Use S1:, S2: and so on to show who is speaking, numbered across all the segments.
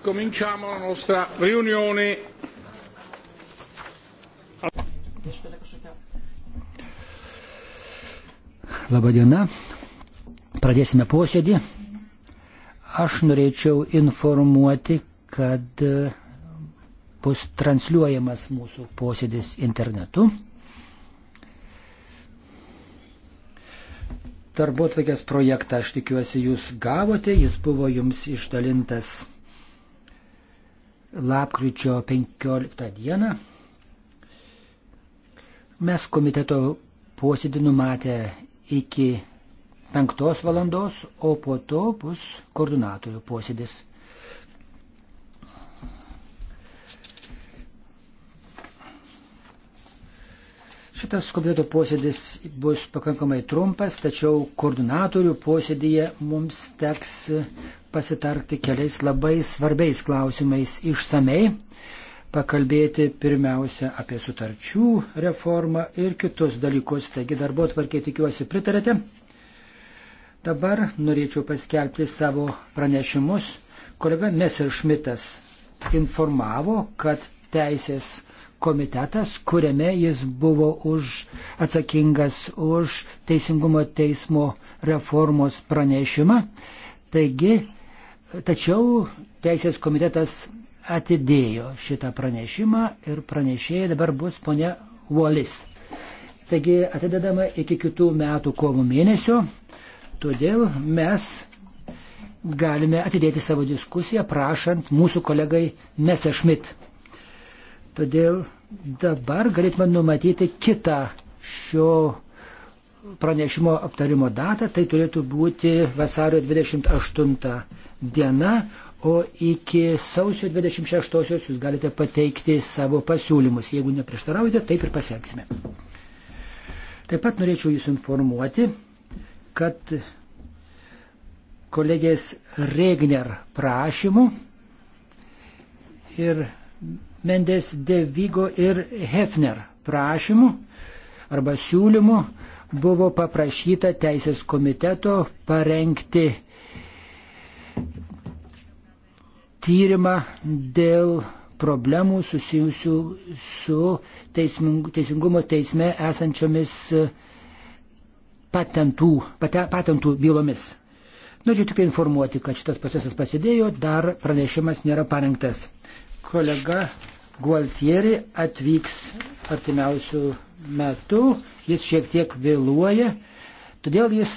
S1: Cominciamo la nostra riunione.
S2: Labadiena. Pradėsime posėdį. Aš norėčiau informuoti, kad e, bus transliuojamas mūsų posėdis internetu. darbo atvekės projektą, aš tikiuosi, jūs gavote, jis buvo jums išdalintas lapkričio 15 dieną. Mes komiteto posėdį numatę iki 5 valandos, o po to bus koordinatorių posėdis. Šitas komiteto posėdis bus pakankamai trumpas, tačiau koordinatorių posėdėje mums teks pasitarti keliais labai svarbiais klausimais išsamei, pakalbėti pirmiausia apie sutarčių reformą ir kitus dalykus. Taigi darbo tvarkiai tikiuosi pritarėte. Dabar norėčiau paskelbti savo pranešimus. Kolega Messerschmittas informavo, kad teisės komitetas, kuriame jis buvo už, atsakingas už Teisingumo teismo reformos pranešimą. Taigi, tačiau Teisės komitetas atidėjo šitą pranešimą ir pranešėjai dabar bus ponia Volis. Taigi atidedama iki kitų metų kovo mėnesio, todėl mes galime atidėti savo diskusiją prašant mūsų kolegai Mese Šmit. Todėl dabar galėtume numatyti kitą šio pranešimo aptarimo datą, tai turėtų būti vasario 28 diena, o iki sausio 26-osios jūs galite pateikti savo pasiūlymus. Jeigu neprieštaraujate, taip ir pasieksime. Taip pat norėčiau jūs informuoti, kad kolegės Regner prašymu ir Mendes de Vigo ir Hefner prašymu arba siūlymu buvo paprašyta Teisės komiteto parengti tyrimą dėl problemų susijusių su teisingumo teisme esančiomis e, patentų, pate, patentų bylomis. Noriu tik informuoti, kad šitas procesas pasidėjo, dar pranešimas nėra parengtas. Kolega Gualtieri atvyks artimiausių metų, jis šiek tiek vėluoja, todėl jis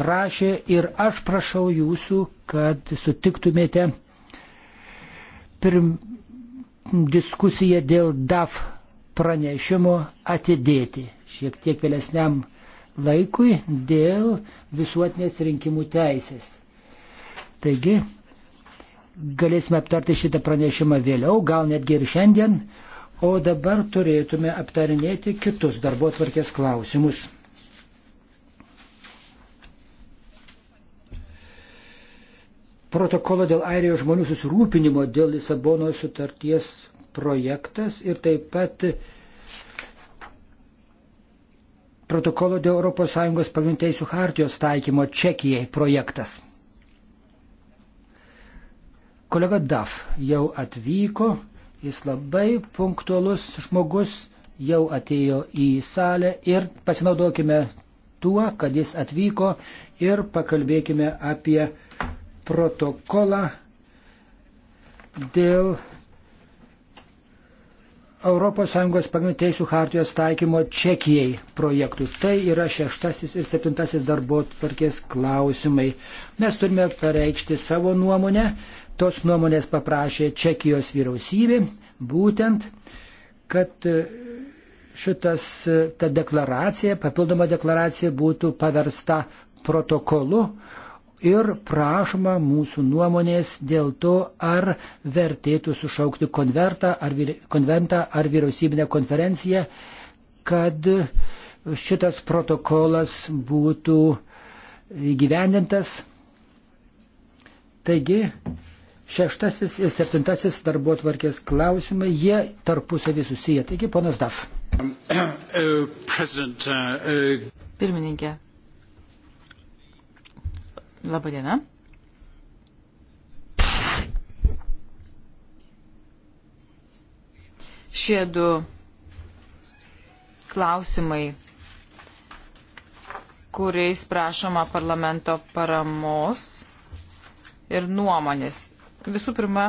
S2: prašė ir aš prašau jūsų, kad sutiktumėte pirm, diskusiją dėl DAF pranešimo atidėti šiek tiek vėlesniam laikui dėl visuotinės rinkimų teisės. Taigi, galėsime aptarti šitą pranešimą vėliau, gal netgi ir šiandien, o dabar turėtume aptarinėti kitus darbo tvarkės klausimus. Protokolo dėl airijos žmonių susirūpinimo dėl Lisabonos sutarties projektas ir taip pat protokolo dėl ES pagrindų teisų hartijos taikymo Čekijai projektas. Kolega Daf jau atvyko, jis labai punktualus žmogus, jau atėjo į salę ir pasinaudokime tuo, kad jis atvyko ir pakalbėkime apie protokolą dėl ES pagrindinių teisų hartijos taikymo Čekijai projektų. Tai yra šeštasis ir septintasis darbo tvarkės klausimai. Mes turime pareikšti savo nuomonę Tos nuomonės paprašė Čekijos vyriausybė, būtent, kad e, šitas, e, ta deklaracija, papildoma deklaracija būtų paversta protokolu ir prašoma mūsų nuomonės dėl to, ar vertėtų sušaukti konvertą, ar vyri, konventą ar vyriausybinę konferenciją, kad šitas protokolas būtų įgyvendintas. Taigi, šeštasis ir septintasis darbo tvarkės klausimai, jie tarpusavį susiję. Taigi, ponas Daf. Um, uh, uh, uh,
S1: Pirmininkė. Labadiena. Šie du klausimai, kuriais prašoma parlamento paramos ir nuomonės Visų pirma,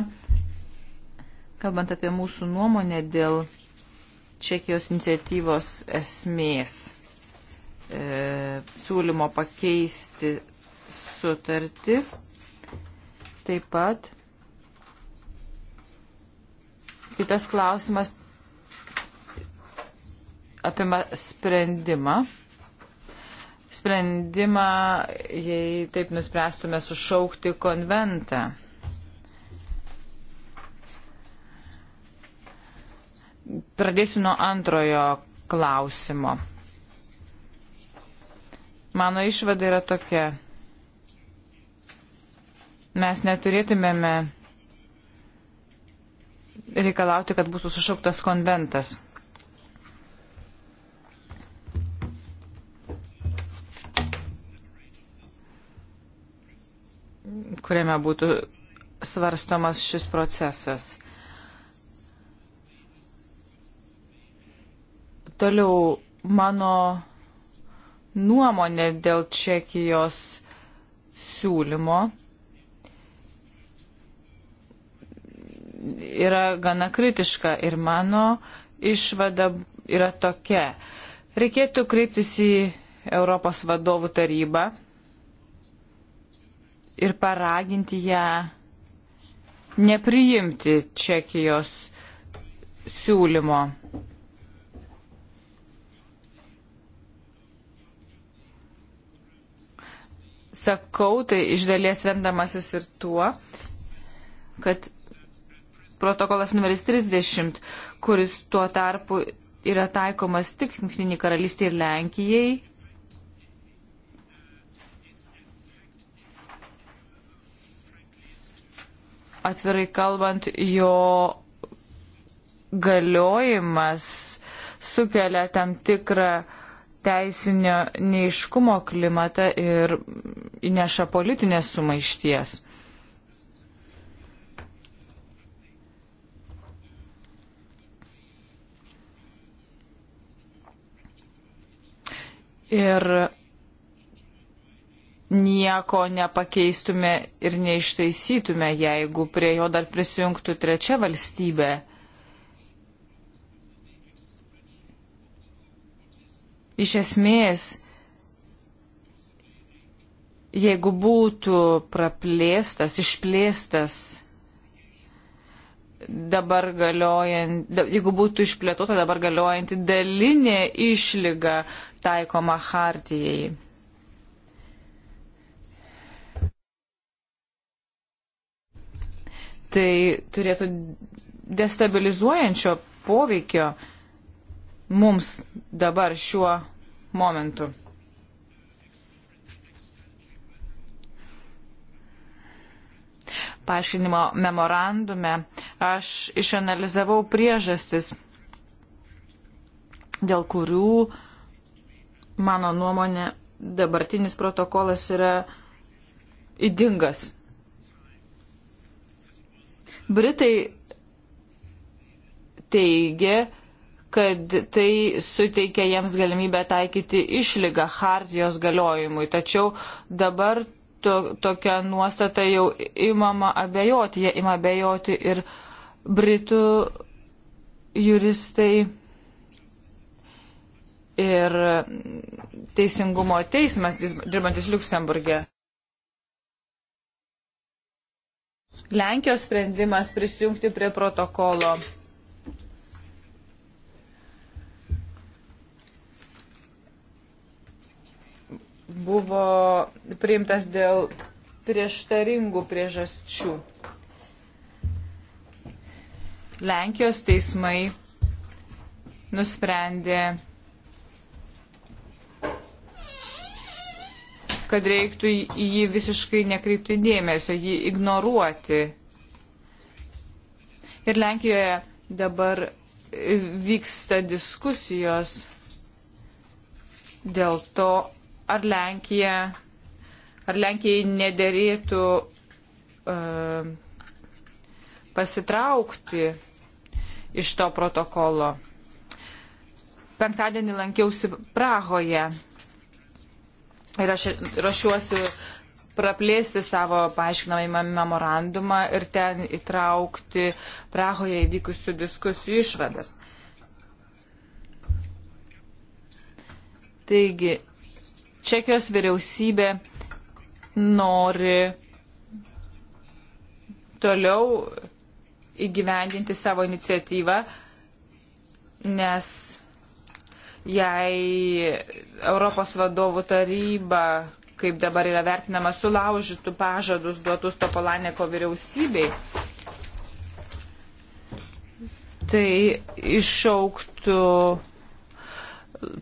S1: kalbant apie mūsų nuomonę dėl Čekijos iniciatyvos esmės e, siūlymo pakeisti sutartį, taip pat kitas klausimas apima sprendimą. Sprendimą, jei taip nuspręstume, sušaukti konventą. Pradėsiu nuo antrojo klausimo. Mano išvada yra tokia. Mes neturėtumėme reikalauti, kad būtų sušauktas konventas. kuriame būtų svarstomas šis procesas. Toliau mano nuomonė dėl Čekijos siūlymo yra gana kritiška ir mano išvada yra tokia. Reikėtų kreiptis į Europos vadovų tarybą ir paraginti ją nepriimti Čekijos siūlymo. sakau, tai iš dalies remdamasis ir tuo, kad protokolas numeris 30, kuris tuo tarpu yra taikomas tik Junktiniai karalystė ir Lenkijai, atvirai kalbant, jo galiojimas sukelia tam tikrą teisinio neiškumo klimatą ir įneša politinės sumaišties. Ir nieko nepakeistume ir neištaisytume, jeigu prie jo dar prisijungtų trečia valstybė. iš esmės, jeigu būtų praplėstas, išplėstas dabar galiojant, jeigu būtų išplėtota dabar galiojanti dalinė išlyga taikoma hartijai. Tai turėtų destabilizuojančio poveikio mums dabar šiuo momentu. Paaiškinimo memorandume aš išanalizavau priežastis, dėl kurių, mano nuomonė, dabartinis protokolas yra įdingas. Britai teigia, kad tai suteikia jiems galimybę taikyti išlygą hartijos galiojimui. Tačiau dabar to, tokia nuostata jau imama abejoti, jie ima abejoti ir Britų juristai ir teisingumo teismas dirbantis Luksemburgė. Lenkijos sprendimas prisijungti prie protokolo buvo priimtas dėl prieštaringų priežasčių. Lenkijos teismai nusprendė, kad reiktų į jį visiškai nekreipti dėmesio, jį ignoruoti. Ir Lenkijoje dabar vyksta diskusijos dėl to, ar Lenkija, ar Lenkijai nederėtų uh, pasitraukti iš to protokolo. Penktadienį lankiausi Prahoje ir aš rašiuosiu praplėsti savo paaiškinamą memorandumą ir ten įtraukti Prahoje įvykusių diskusijų išvadas. Taigi, Čekijos vyriausybė nori toliau įgyvendinti savo iniciatyvą, nes jei Europos vadovų taryba, kaip dabar yra vertinama, sulaužytų pažadus duotus Topolaneko vyriausybei, tai išauktų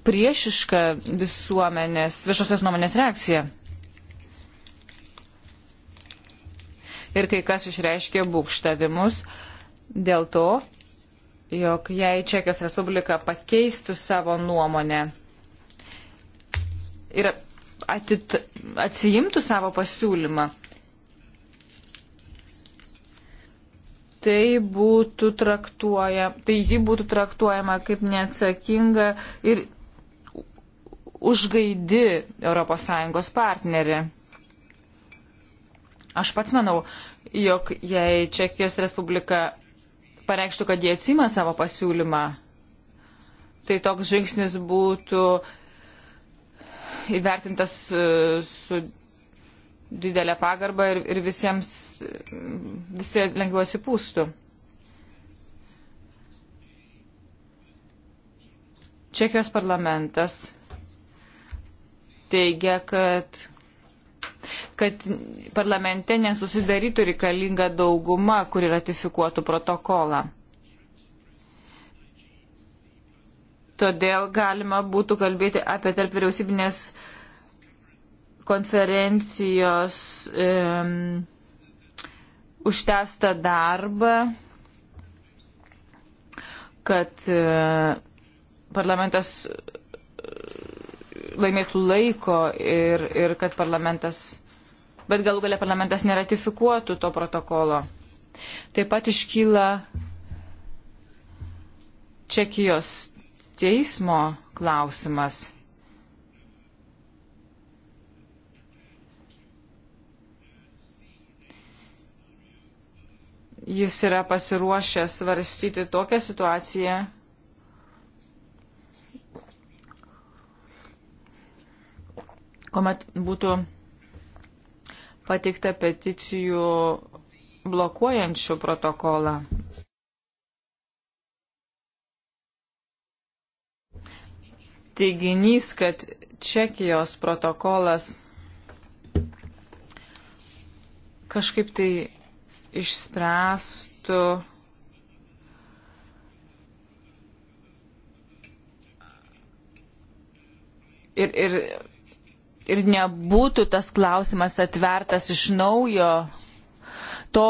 S1: priešiška visuomenės, viešosios nuomonės reakcija. Ir kai kas išreiškė būkštavimus dėl to, jog jei Čekijos Respublika pakeistų savo nuomonę ir atit, atsijimtų savo pasiūlymą, tai būtų traktuoja, tai ji būtų traktuojama kaip neatsakinga ir užgaidi ES partnerį. Aš pats manau, jog jei Čekijos Respublika pareikštų, kad jie atsima savo pasiūlymą, tai toks žingsnis būtų įvertintas e, su didelę pagarbą ir, ir visiems visi lengviau atsipūstų. Čekijos parlamentas teigia, kad kad parlamente nesusidarytų reikalinga dauguma, kuri ratifikuotų protokolą. Todėl galima būtų kalbėti apie tarp vyriausybinės uh, konferencijos um, užtestą darbą, kad uh, parlamentas e, laimėtų laiko ir, ir kad parlamentas, bet galų galia parlamentas neratifikuotų to protokolo. Taip pat iškyla Čekijos teismo klausimas. jis yra pasiruošęs svarstyti tokią situaciją, kuomet būtų pateikta peticijų blokuojančių protokolą. Teiginys, kad Čekijos protokolas kažkaip tai išspręstų ir, ir, ir nebūtų tas klausimas atvertas iš naujo, to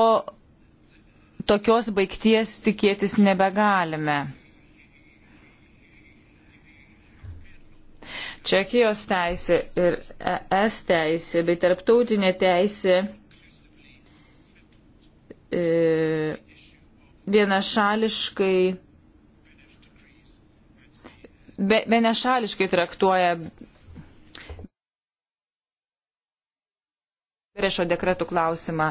S1: tokios baigties tikėtis nebegalime. Čekijos teisė ir ES teisė bei tarptautinė teisė E, vienašališkai be, be nešališkai traktuoja Berešo dekretų klausimą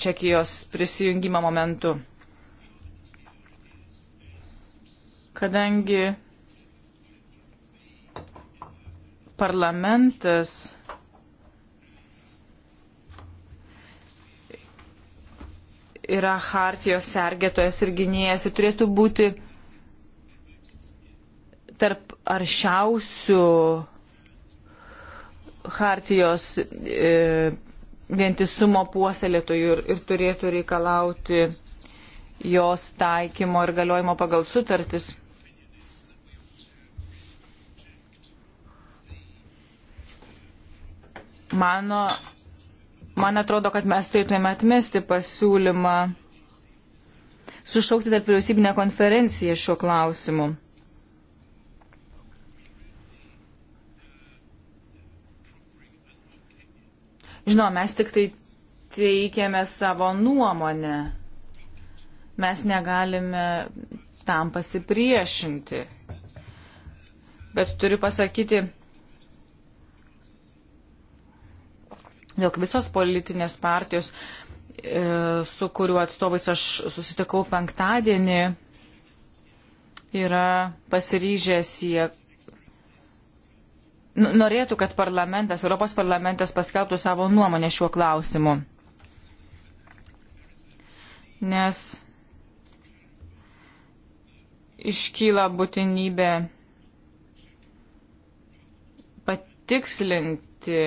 S1: Čekijos prisijungimo momentu. Kadangi parlamentas yra hartijos sergėtojas ir gynėjas ir turėtų būti tarp aršiausių hartijos e, vientisumo puoselėtojų ir, ir turėtų reikalauti jos taikymo ir galiojimo pagal sutartis. Mano Man atrodo, kad mes turėtume atmesti pasiūlymą sušaukti tarp vyriausybinę konferenciją šiuo klausimu. Žinoma, mes tik tai teikėme savo nuomonę. Mes negalime tam pasipriešinti. Bet turiu pasakyti, jog visos politinės partijos, e, su kuriuo atstovais aš susitikau penktadienį, yra pasiryžę siekti. Norėtų, kad parlamentas, Europos parlamentas paskelbtų savo nuomonę šiuo klausimu. Nes iškyla būtinybė patikslinti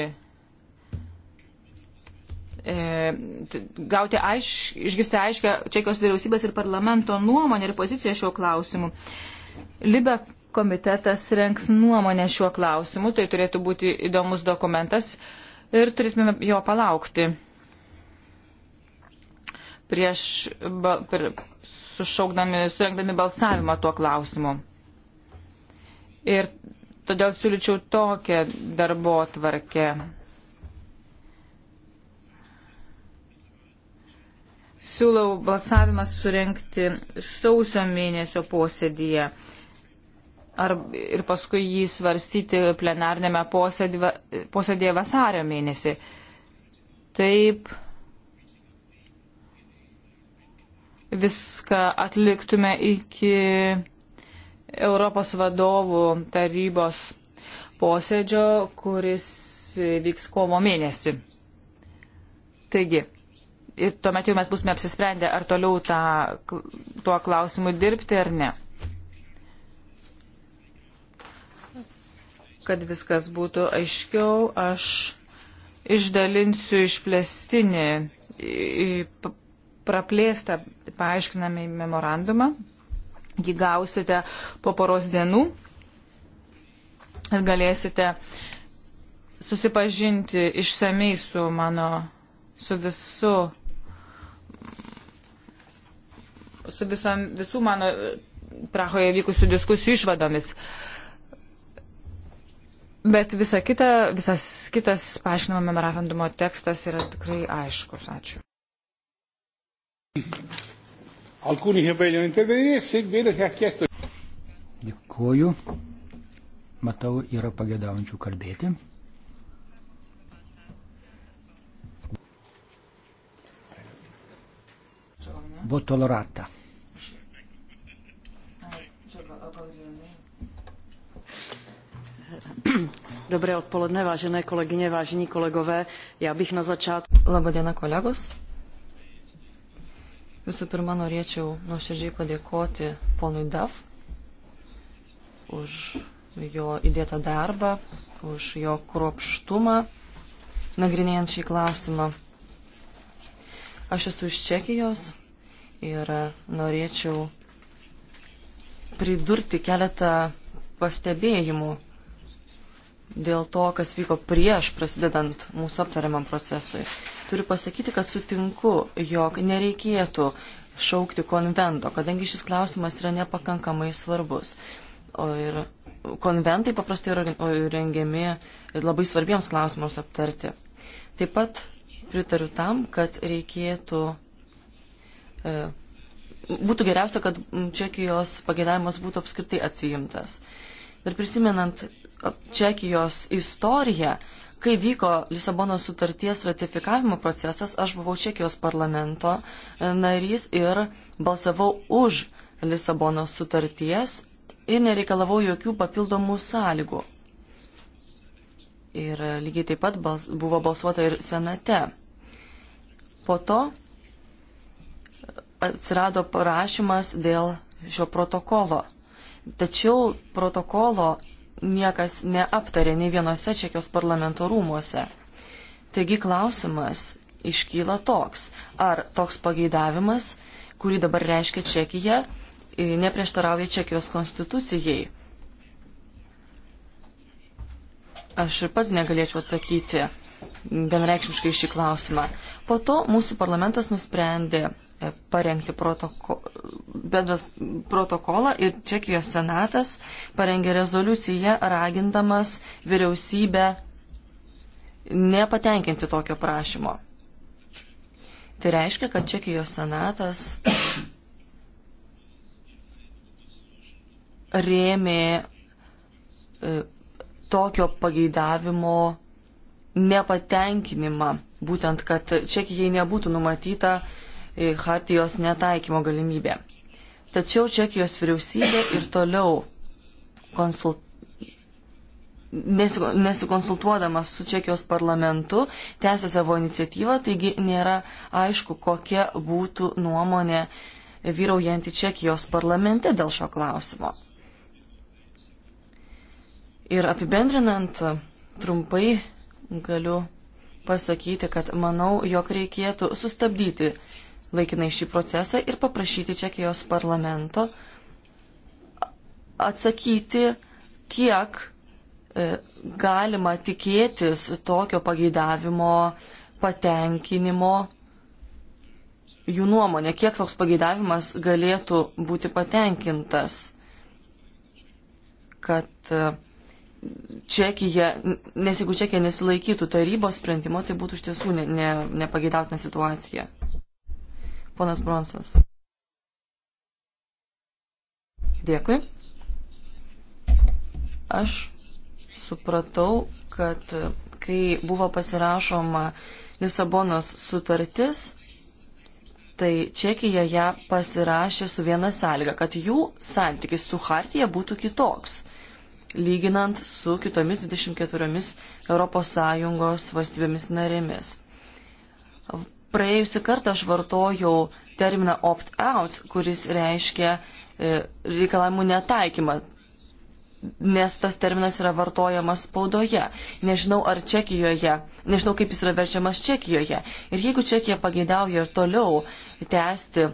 S1: e, gauti aiš, išgirsti aiškę Čekijos vyriausybės ir parlamento nuomonę ir poziciją šiuo klausimu. Libe komitetas renks nuomonę šiuo klausimu, tai turėtų būti įdomus dokumentas ir turėtume jo palaukti. Prieš ba, per, sušaukdami, surengdami balsavimą tuo klausimu. Ir todėl siūlyčiau tokią darbo tvarkę. siūlau balsavimą surenkti sausio mėnesio posėdyje. Ar, ir paskui jį svarstyti plenarnėme posėdė, posėdėje vasario mėnesį. Taip viską atliktume iki Europos vadovų tarybos posėdžio, kuris vyks kovo mėnesį. Taigi, ir tuomet jau mes busime apsisprendę, ar toliau tą, tuo klausimu dirbti ar ne. Kad viskas būtų aiškiau, aš išdalinsiu išplėstinį praplėstą paaiškinamį memorandumą. Jį gausite po poros dienų ir galėsite susipažinti išsamei su mano, su visu su visom, visų mano e, Prahoje vykusių diskusijų išvadomis. Bet visa kita, visas kitas paaiškinimo memorandumo tekstas yra tikrai aiškus. Ačiū.
S2: Alcuni che vogliono intervenire, se vedo che ha chiesto. Dėkuoju. Matau, yra pagėdaujančių kalbėti. Botolorata.
S3: Dobré odpoledne, vážené kolegyně, vážení kolegové. Já bych na začátku. Labadiena, kolegos. Visų pirma, norėčiau nuoširdžiai padėkoti ponui Daf už jo įdėtą darbą, už jo kruopštumą, nagrinėjant šį klausimą. Aš esu iš Čekijos ir norėčiau pridurti keletą pastebėjimų dėl to, kas vyko prieš prasidedant mūsų aptariamam procesui. Turiu pasakyti, kad sutinku, jog nereikėtų šaukti konvento, kadangi šis klausimas yra nepakankamai svarbus. O ir konventai paprastai yra rengiami labai svarbiems klausimams aptarti. Taip pat pritariu tam, kad reikėtų. E, būtų geriausia, kad Čekijos pagėdavimas būtų apskritai atsijimtas. Ir prisimenant Čekijos istoriją. Kai vyko Lisabonos sutarties ratifikavimo procesas, aš buvau Čekijos parlamento e, narys ir balsavau už Lisabonos sutarties ir nereikalavau jokių papildomų sąlygų. Ir e, lygiai taip pat bals, buvo balsuota ir senate. Po to e, atsirado prašymas dėl šio protokolo. Tačiau protokolo niekas neaptarė nei vienose Čekijos parlamento rūmuose. Taigi klausimas iškyla toks, ar toks pageidavimas, kurį dabar reiškia Čekija, e, neprieštarauja Čekijos konstitucijai. Aš ir pats negalėčiau atsakyti vienreikšmiškai šį klausimą. Po to mūsų parlamentas nusprendė parengti protoko, bendras protokolą ir Čekijos senatas parengė rezoliuciją ragindamas vyriausybę nepatenkinti tokio prašymo. Tai reiškia, kad Čekijos senatas rėmė e, tokio pageidavimo nepatenkinimą, būtent, kad Čekijai nebūtų numatyta uh, E, hartijos netaikymo galimybė. Tačiau Čekijos vyriausybė ir toliau konsult... nesikonsultuodama su Čekijos parlamentu tęsė savo iniciatyvą, taigi nėra aišku, kokia būtų nuomonė vyraujanti Čekijos parlamente dėl šio klausimo. Ir apibendrinant trumpai galiu pasakyti, kad manau, jog reikėtų sustabdyti uh, laikinai šį procesą ir paprašyti Čekijos parlamento atsakyti, kiek e, galima tikėtis tokio pageidavimo patenkinimo jų nuomonė, kiek toks pageidavimas galėtų būti patenkintas, kad e, Čekija, nes jeigu Čekija nesilaikytų tarybos sprendimo, tai būtų iš tiesų nepageidautina ne, ne situacija. Ponas Bronsas. Dėkui. Aš supratau, kad kai buvo pasirašoma Lisabonos sutartis, tai Čekija ją pasirašė su viena sąlyga, kad jų santykis su Hartija būtų kitoks, lyginant su kitomis 24 ES valstybėmis narėmis. Praėjusią kartą aš vartojau terminą opt-out, kuris reiškia e, reikalavimų netaikymą, nes tas terminas yra vartojamas spaudoje. Nežinau, ar Čekijoje, nežinau, kaip jis yra verčiamas Čekijoje. Ir jeigu Čekija pageidauja ir toliau tęsti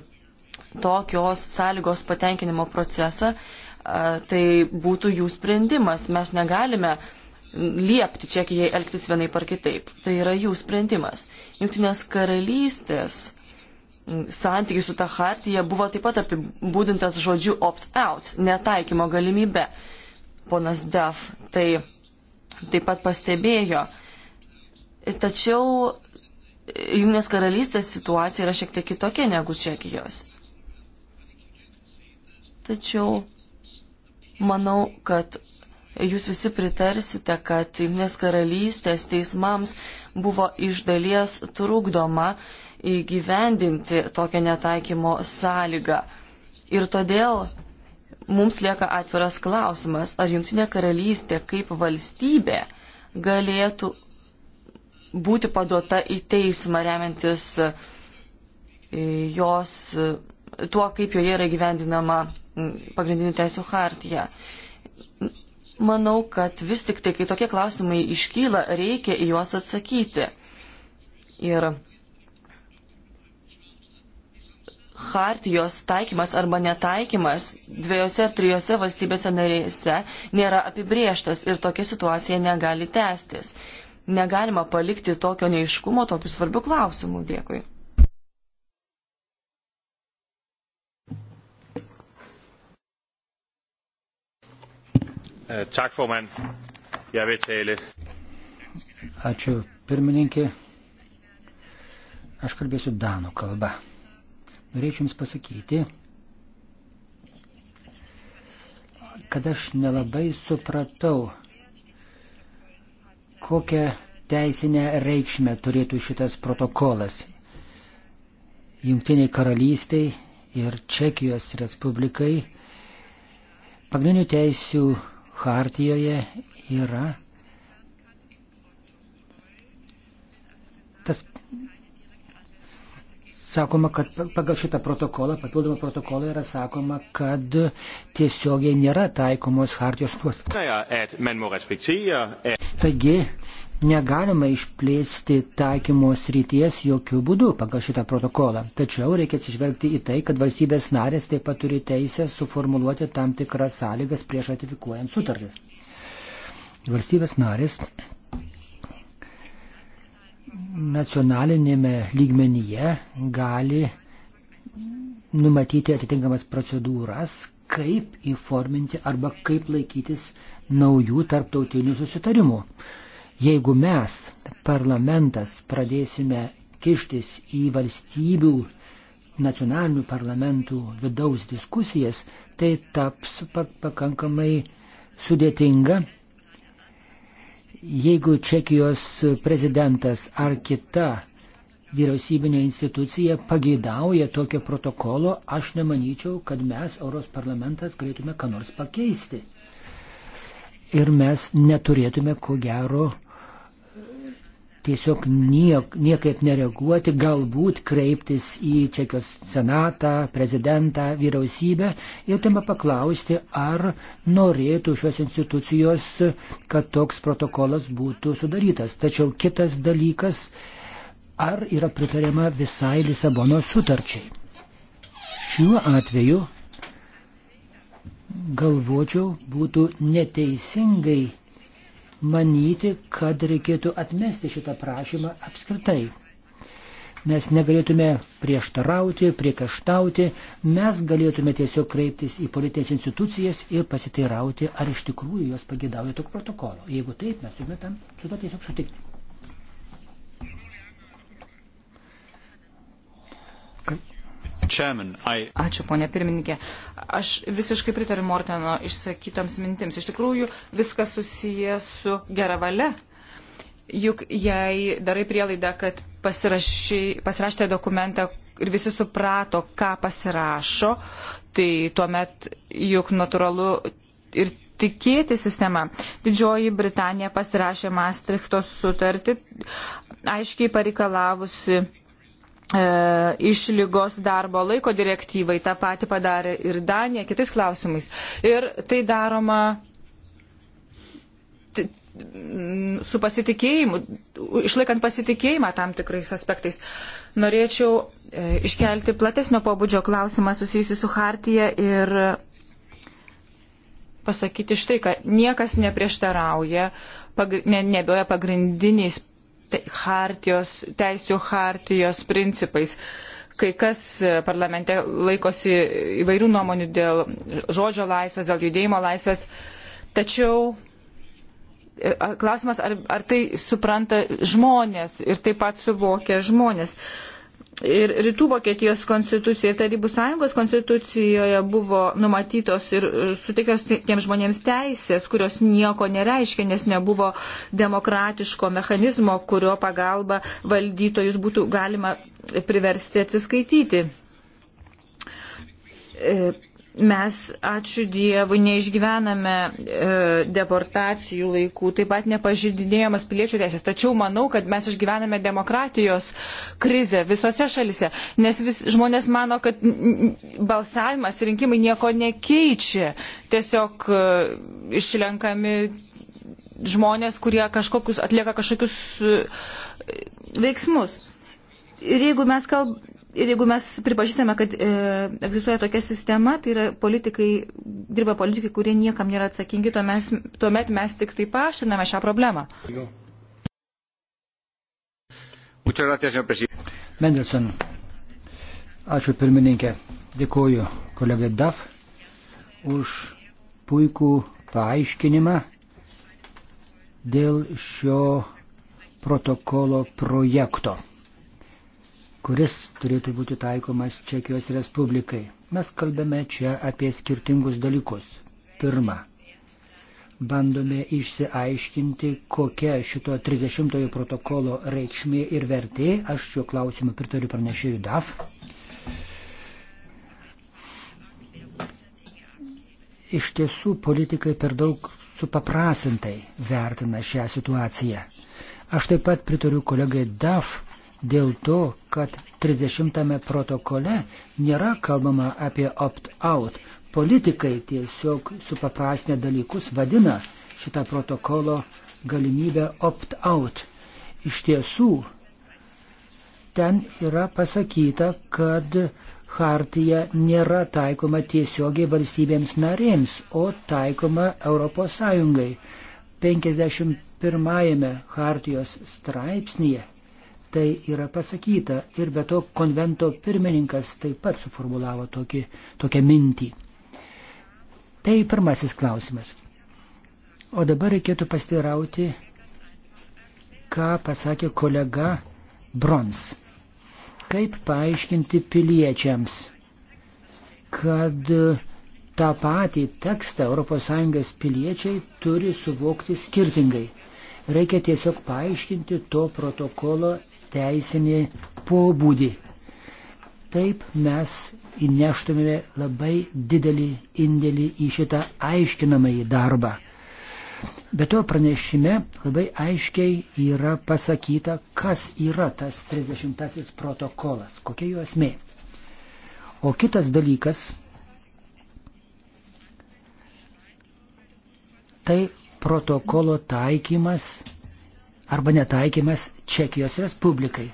S3: tokios sąlygos patenkinimo procesą, tai būtų jų sprendimas. Mes negalime uh, liepti Čekijai elgtis vienai par kitaip. Tai yra jų sprendimas. Junktinės karalystės santykiai su ta hartija buvo taip pat apibūdintas žodžiu opt-out, netaikymo galimybė. Ponas Daf tai taip pat pastebėjo. Tačiau Junktinės karalystės situacija yra šiek tiek kitokia negu Čekijos. Tačiau manau, kad jūs visi pritarsite, kad Junktinės karalystės teismams buvo iš dalies trukdoma įgyvendinti tokią netaikymo sąlygą. Ir todėl mums lieka atviras klausimas, ar Junktinė karalystė kaip valstybė galėtų būti paduota į teismą remiantis e, jos, tuo, kaip joje yra gyvendinama pagrindinių teisų hartija manau, kad vis tik tai, kai tokie klausimai iškyla, reikia į juos atsakyti. Ir hartijos taikymas arba netaikymas dviejose ar trijose valstybėse narėse nėra apibrieštas ir tokia situacija negali tęstis. Negalima palikti tokio neiškumo tokių svarbių klausimų. Dėkui. Eh, tak, formand. Jeg vil tale.
S2: Ačiū, pirmininkė. Aš kalbėsiu danų kalbą. Norėčiau Jums pasakyti, kad aš nelabai supratau, kokią teisinę reikšmę turėtų šitas protokolas Junktiniai karalystiai ir Čekijos Respublikai pagrindinių teisių hartijoje yra tas. Sakoma, kad pagal šitą protokolą, papildomą protokolą yra sakoma, kad tiesiogiai nėra taikomos hartijos nuostatos. Taigi, negalima išplėsti taikymo srities jokių būdų pagal šitą protokolą. Tačiau reikia atsižvelgti į tai, kad valstybės narės taip pat turi teisę suformuluoti tam tikras sąlygas prieš ratifikuojant sutartis. Valstybės narės nacionalinėme lygmenyje gali numatyti atitinkamas procedūras, kaip įforminti arba kaip laikytis naujų tarptautinių susitarimų. Jeigu mes, parlamentas, pradėsime kištis į valstybių, nacionalinių parlamentų vidaus diskusijas, tai taps pakankamai sudėtinga. Jeigu Čekijos prezidentas ar kita vyriausybinė institucija pageidauja tokio protokolo, aš nemanyčiau, kad mes, Europos parlamentas, galėtume ką nors pakeisti. Ir mes neturėtume, ko gero, tiesiog niek, niekaip nereaguoti, galbūt kreiptis į Čekijos senatą, prezidentą, vyriausybę ir tuomet paklausti, ar norėtų šios institucijos, kad toks protokolas būtų sudarytas. Tačiau kitas dalykas, ar yra pritariama visai Lisabono sutarčiai. Šiuo atveju, galvočiau, būtų neteisingai manyti, kad reikėtų atmesti šitą prašymą apskritai. Mes negalėtume prieštarauti, priekaštauti, mes galėtume tiesiog kreiptis į politinės institucijas ir pasiteirauti, ar iš tikrųjų jos pagėdauja tokio protokolo. Jeigu taip, mes turime tam su to tiesiog sutikti.
S1: Chairman, I... Ačiū, ponė pirmininkė. Aš visiškai pritariu Morteno išsakytoms mintims. Iš tikrųjų, viskas susiję su gera valia. Juk jei darai prielaidą, kad pasirašė dokumentą ir visi suprato, ką pasirašo, tai tuomet juk natūralu ir tikėti sistema. Didžioji Britanija pasirašė Maastrichto sutartį, aiškiai pareikalavusi E, išlygos darbo laiko direktyvai, tą patį padarė ir Danija kitais klausimais. Ir tai daroma su pasitikėjimu, išlaikant pasitikėjimą tam tikrais aspektais. Norėčiau e, iškelti platesnio pobūdžio klausimą susijusiu su Hartija ir pasakyti štai, kad niekas neprieštarauja, pagr ne, nebejoja pagrindiniais hartijos, teisų hartijos principais. Kai kas e, parlamente laikosi įvairių nuomonių dėl žodžio laisvės, dėl judėjimo laisvės, tačiau e, klausimas, ar, ar tai supranta žmonės ir taip pat suvokia žmonės. Ir rytų Vokietijos konstitucija ir Tarybų sąjungos konstitucijoje buvo numatytos ir e, suteikios tiems žmonėms teisės, kurios nieko nereiškia, nes nebuvo demokratiško mechanizmo, kurio pagalba valdytojus būtų galima priversti atsiskaityti. E, Mes, ačiū Dievui, neišgyvename e, deportacijų laikų, taip pat nepažydinėjamas piliečių teisės. Tačiau manau, kad mes išgyvename demokratijos krizę visose šalise, nes vis, žmonės mano, kad balsavimas, rinkimai nieko nekeičia. Tiesiog e, išlenkami žmonės, kurie kažkokius atlieka kažkokius e, veiksmus. Ir jeigu mes kalbame Ir jeigu mes pripažįstame, kad e, egzistuoja tokia sistema, tai yra politikai, dirba politikai, kurie niekam nėra atsakingi, tuomet, tuomet mes tik tai pašiname šią problemą.
S2: Mendelson, ačiū pirmininkė, dėkoju kolegai DAF už puikų paaiškinimą dėl šio protokolo projekto kuris turėtų būti taikomas Čekijos Respublikai. Mes kalbame čia apie skirtingus dalykus. Pirma, bandome išsiaiškinti, kokia šito 30-ojo protokolo reikšmė ir vertė. Aš šiuo klausimu pritariu pranešėjų DAF. Iš tiesų, politikai per daug supaprasintai vertina šią situaciją. Aš taip pat pritariu kolegai DAF, dėl to, kad 30 protokole nėra kalbama apie opt-out. Politikai tiesiog supaprastinę dalykus vadina šitą protokolo galimybę opt-out. Iš tiesų, ten yra pasakyta, kad Hartija nėra taikoma tiesiogiai valstybėms narėms, o taikoma ES. 51 Hartijos straipsnėje tai yra pasakyta. Ir be to konvento pirmininkas taip pat suformulavo tokį, tokią mintį. Tai pirmasis klausimas. O dabar reikėtų pasteirauti, ką pasakė kolega Brons. Kaip paaiškinti piliečiams, kad tą patį tekstą ES piliečiai turi suvokti skirtingai. Reikia tiesiog paaiškinti to protokolo teisinį pobūdį. Taip mes įneštumėme labai didelį indėlį į šitą aiškinamąjį darbą. Be to pranešime labai aiškiai yra pasakyta, kas yra tas 30 protokolas, kokia jo esmė. O kitas dalykas, tai protokolo taikymas arba netaikymas Čekijos Respublikai.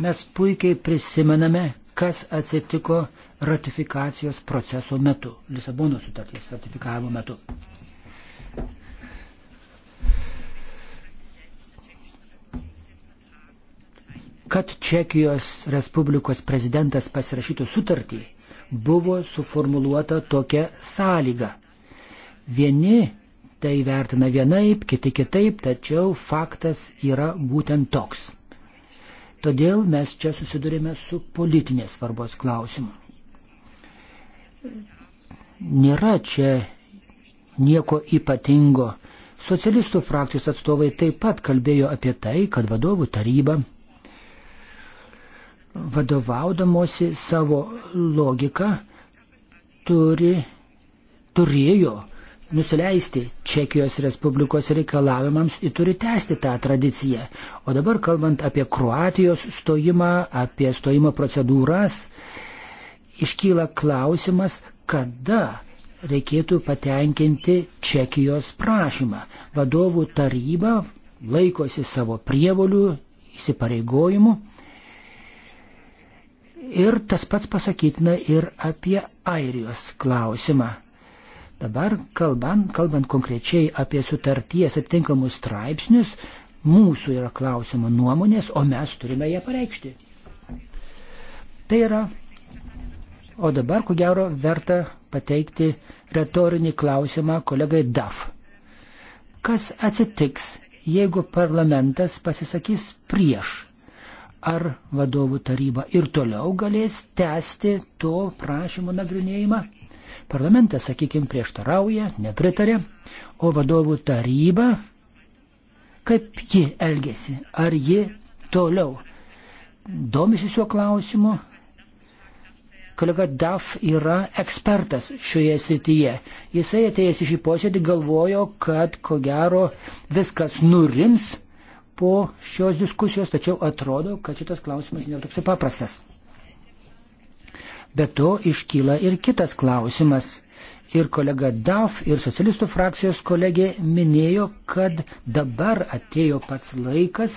S2: Mes puikiai prisimename, kas atsitiko ratifikacijos proceso metu, Lisabono sutarties ratifikavimo metu. Kad Čekijos Respublikos prezidentas pasirašytų sutartį, buvo suformuluota tokia sąlyga. Vieni tai vertina vienaip, kiti kitaip, tačiau faktas yra būtent toks. Todėl mes čia susidurime su politinės svarbos klausimu. Nėra čia nieko ypatingo. Socialistų frakcijos atstovai taip pat kalbėjo apie tai, kad vadovų taryba vadovaudamosi savo logiką turi, turėjo nusileisti Čekijos Respublikos reikalavimams ir turi tęsti tą tradiciją. O dabar kalbant apie Kroatijos stojimą, apie stojimo procedūras, iškyla klausimas, kada reikėtų patenkinti Čekijos prašymą. Vadovų taryba laikosi savo prievolių, įsipareigojimų. Ir tas pats pasakytina ir apie Airijos klausimą. Dabar kalbant, kalbant konkrečiai apie sutarties atitinkamus straipsnius, mūsų yra klausima nuomonės, o mes turime ją pareikšti. Tai yra, o dabar ko gero verta pateikti retorinį klausimą kolegai DAF. Kas atsitiks, jeigu parlamentas pasisakys prieš ar vadovų taryba ir toliau galės tęsti to prašymo nagrinėjimą. Parlamentas, sakykime, prieštarauja, nepritarė, o vadovų taryba, kaip ji elgesi, ar ji toliau domisi šiuo klausimu. Kolega Daf yra ekspertas šioje srityje. Jisai atėjęs į šį posėdį galvojo, kad ko gero viskas nurims po šios diskusijos, tačiau atrodo, kad šitas klausimas nėra toks paprastas. Bet to iškyla ir kitas klausimas. Ir kolega DAF ir socialistų frakcijos kolegė minėjo, kad dabar atėjo pats laikas,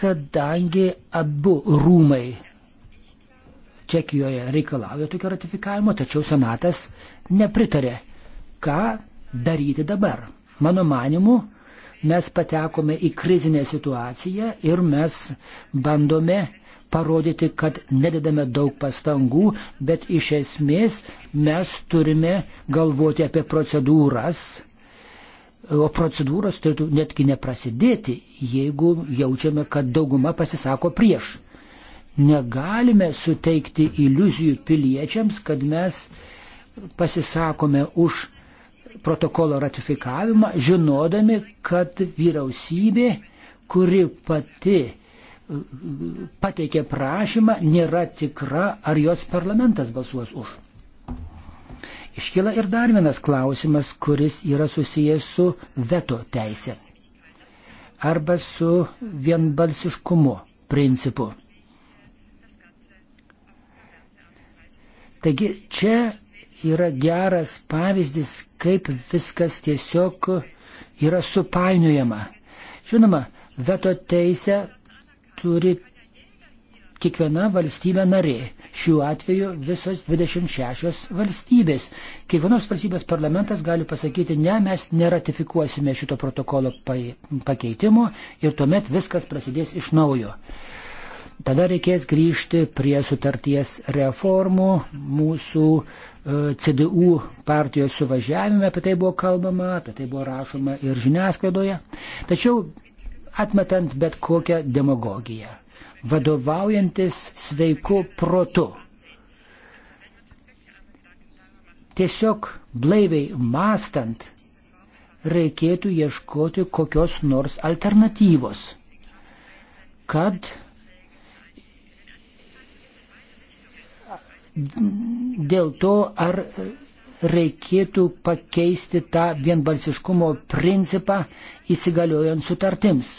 S2: kadangi abu rūmai Čekijoje reikalauja tokio ratifikavimo, tačiau senatas nepritarė. Ką daryti dabar? Mano manimu, mes patekome į krizinę situaciją ir mes bandome parodyti, kad nededame daug pastangų, bet iš esmės mes turime galvoti apie procedūras. O procedūros turėtų netgi neprasidėti, jeigu jaučiame, kad dauguma pasisako prieš. Negalime suteikti iliuzijų piliečiams, kad mes pasisakome už protokolo ratifikavimą, žinodami, kad vyriausybė, kuri pati pateikė prašymą, nėra tikra, ar jos parlamentas balsuos už. Iškyla ir dar vienas klausimas, kuris yra susijęs su veto teisė arba su vienbalsiškumu principu. Taigi čia yra geras pavyzdys, kaip viskas tiesiog yra supainiojama. Žinoma, veto teisę turi kiekviena valstybė narė. Šiuo atveju visos 26 valstybės. Kiekvienos valstybės parlamentas gali pasakyti, ne, mes neratifikuosime šito protokolo pakeitimo ir tuomet viskas prasidės iš naujo. Tada reikės grįžti prie sutarties reformų. Mūsų e, CDU partijos suvažiavime apie tai buvo kalbama, apie tai buvo rašoma ir žiniasklaidoje. Tačiau atmetant bet kokią demagogiją, vadovaujantis sveiku protu, tiesiog blaiviai mastant, reikėtų ieškoti kokios nors alternatyvos, kad dėl to, ar reikėtų pakeisti tą vienbalsiškumo principą įsigaliojant sutartims.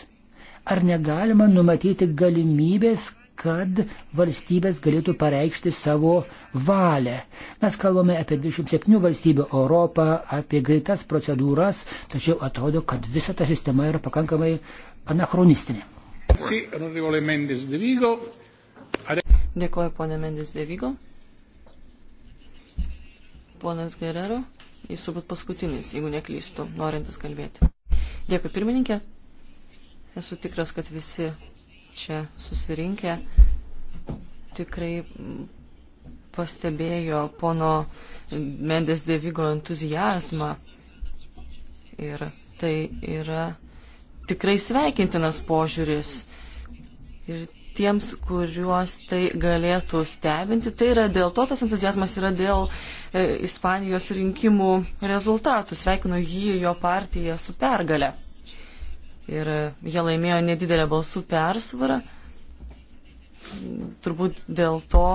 S2: Ar negalima numatyti galimybės, kad valstybės galėtų pareikšti savo valią. Mes kalbame apie 27 valstybių Europą, apie greitas procedūras, tačiau atrodo, kad visa ta sistema yra pakankamai anachronistinė.
S3: Dėkuoju, ponė Mendes Devygo. Ponas Gerero, jis turbūt paskutinis, jeigu neklystu, norintis kalbėti. Dėkui pirmininkė. Esu tikras, kad visi čia susirinkę tikrai pastebėjo pono Mendes Devigo entuzijazmą. Ir tai yra tikrai sveikintinas požiūris. Ir tiems, kuriuos tai galėtų stebinti. Tai yra dėl to, tas entuzijazmas yra dėl e, Ispanijos rinkimų rezultatų. Sveikinu jį jo partiją su pergale. Ir e, jie laimėjo nedidelę balsų persvarą. Turbūt dėl to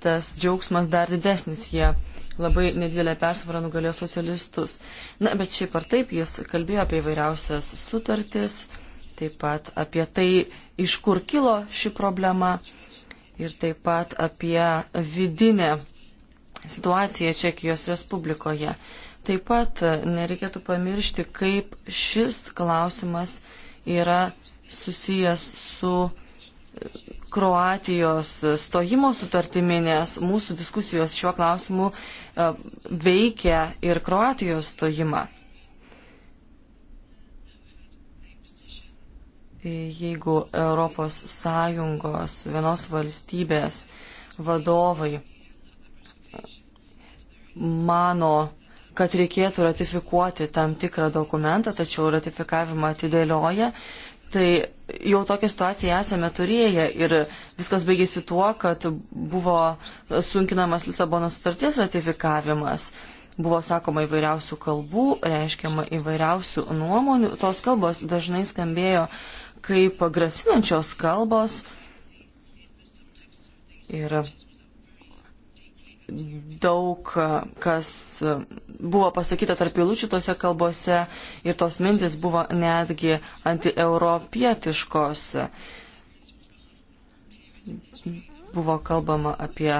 S3: tas džiaugsmas dar didesnis. Jie labai nedidelę persvarą nugalėjo socialistus. Na, bet šiaip ar taip jis kalbėjo apie įvairiausias sutartis taip pat apie tai, iš kur kilo ši problema ir taip pat apie vidinę situaciją Čekijos Respublikoje. Taip pat e, nereikėtų pamiršti, kaip šis klausimas yra susijęs su e, Kroatijos stojimo sutartimi, nes mūsų diskusijos šiuo klausimu e, veikia ir Kroatijos stojimą. jeigu ES vienos valstybės vadovai mano, kad reikėtų ratifikuoti tam tikrą dokumentą, tačiau ratifikavimą atidėlioja, tai jau tokią situaciją esame turėję ir viskas baigėsi tuo, kad buvo sunkinamas Lisabono sutarties ratifikavimas. Buvo sakoma įvairiausių kalbų, reiškiama įvairiausių nuomonių. Tos kalbos dažnai skambėjo kaip grasinančios kalbos ir daug kas buvo pasakyta tarp eilučių tose kalbose ir tos mintis buvo netgi antieuropietiškos. Buvo kalbama apie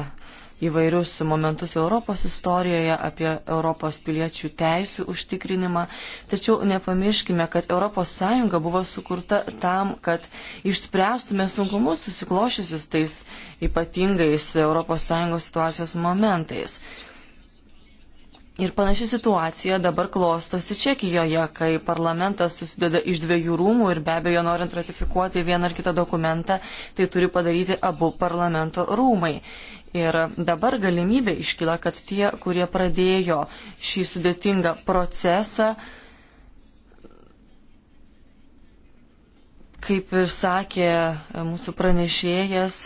S3: įvairius momentus Europos istorijoje, apie Europos piliečių teisų užtikrinimą. Tačiau nepamirškime, kad ES buvo sukurta tam, kad išspręstume sunkumus susiklošysius tais ypatingais ES situacijos momentais. Ir panaši situacija dabar klostosi Čekijoje, kai parlamentas susideda iš dviejų rūmų ir be abejo, norint ratifikuoti vieną ar kitą dokumentą, tai turi padaryti abu parlamento rūmai. Ir dabar galimybė iškyla, kad tie, kurie pradėjo šį sudėtingą procesą, kaip ir sakė mūsų pranešėjas,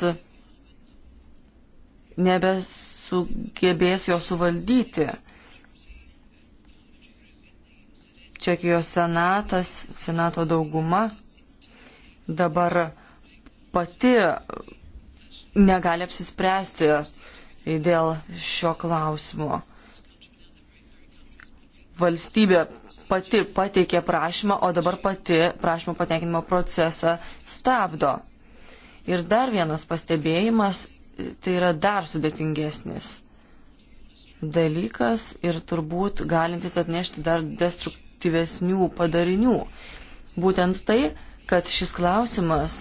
S3: nebesugebės jo suvaldyti. Čekijos senatas, senato dauguma dabar pati negali apsispręsti dėl šio klausimo. Valstybė pati pateikė prašymą, o dabar pati prašymo patenkinimo procesą stabdo. Ir dar vienas pastebėjimas, tai yra dar sudėtingesnis dalykas ir turbūt galintis atnešti dar destruk pozityvesnių padarinių. Būtent tai, kad šis klausimas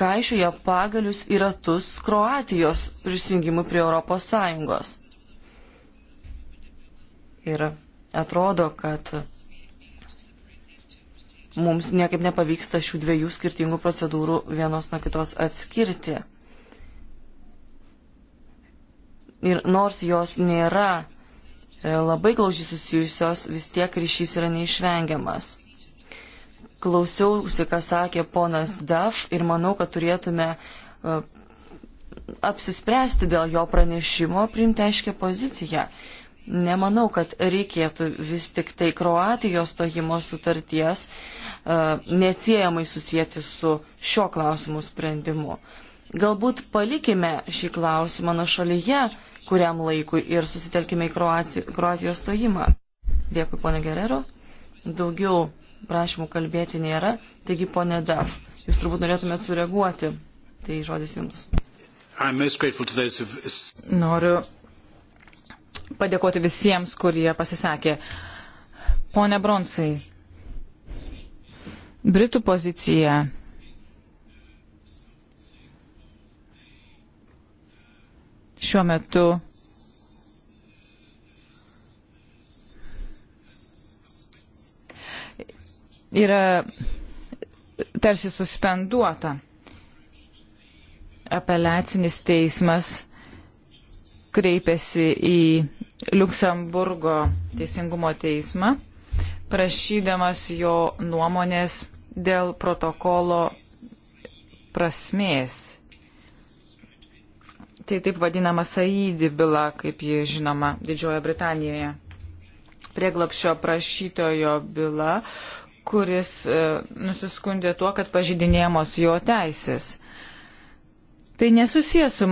S3: kaišioja pagalius į ratus Kroatijos prisijungimui prie Europos Sąjungos. Ir atrodo, kad mums niekaip nepavyksta šių dviejų skirtingų procedūrų vienos nuo kitos atskirti. Ir nors jos nėra E, labai glaužiai susijusios, vis tiek ryšys yra neišvengiamas. Klausiausi, ką sakė ponas Daf ir manau, kad turėtume e, apsispręsti dėl jo pranešimo, priimti aiškę poziciją. Nemanau, kad reikėtų vis tik tai Kroatijos stojimo sutarties uh, neatsiejamai susijęti su šio klausimų sprendimu. Galbūt palikime šį klausimą nuo šalyje, uh, kuriam laikui ir susitelkime į Kroatijos stojimą. Dėkui, ponė Gerero. Daugiau prašymų kalbėti nėra. Taigi, ponė Daf, jūs turbūt norėtumėte sureaguoti. Tai žodis jums. Noriu
S1: padėkoti visiems, kurie pasisakė. Pone Bronsai, Britų pozicija šiuo metu yra tarsi suspenduota. Apeliacinis teismas kreipėsi į Luksemburgo teisingumo teismą, prašydamas jo nuomonės dėl protokolo prasmės tai taip vadinama Saidi byla, kaip ji žinoma Didžiojo Britanijoje. Prieglapšio prašytojo byla, kuris e, nusiskundė tuo, kad pažydinėjamos jo teisės. Tai nesusijęs su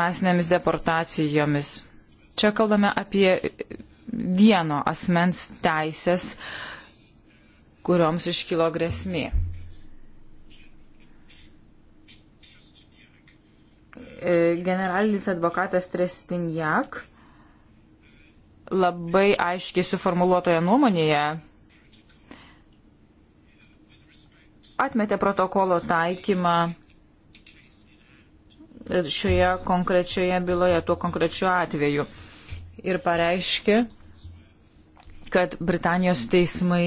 S1: masinėmis deportacijomis. Čia kalbame apie vieno asmens teisės, kurioms iškilo grėsmė. E, generalinis advokatas Trestinjak labai aiškiai suformuluotoje nuomonėje atmetė protokolo taikymą šioje konkrečioje byloje, tuo konkrečiu atveju. Ir pareiškė, kad Britanijos teismai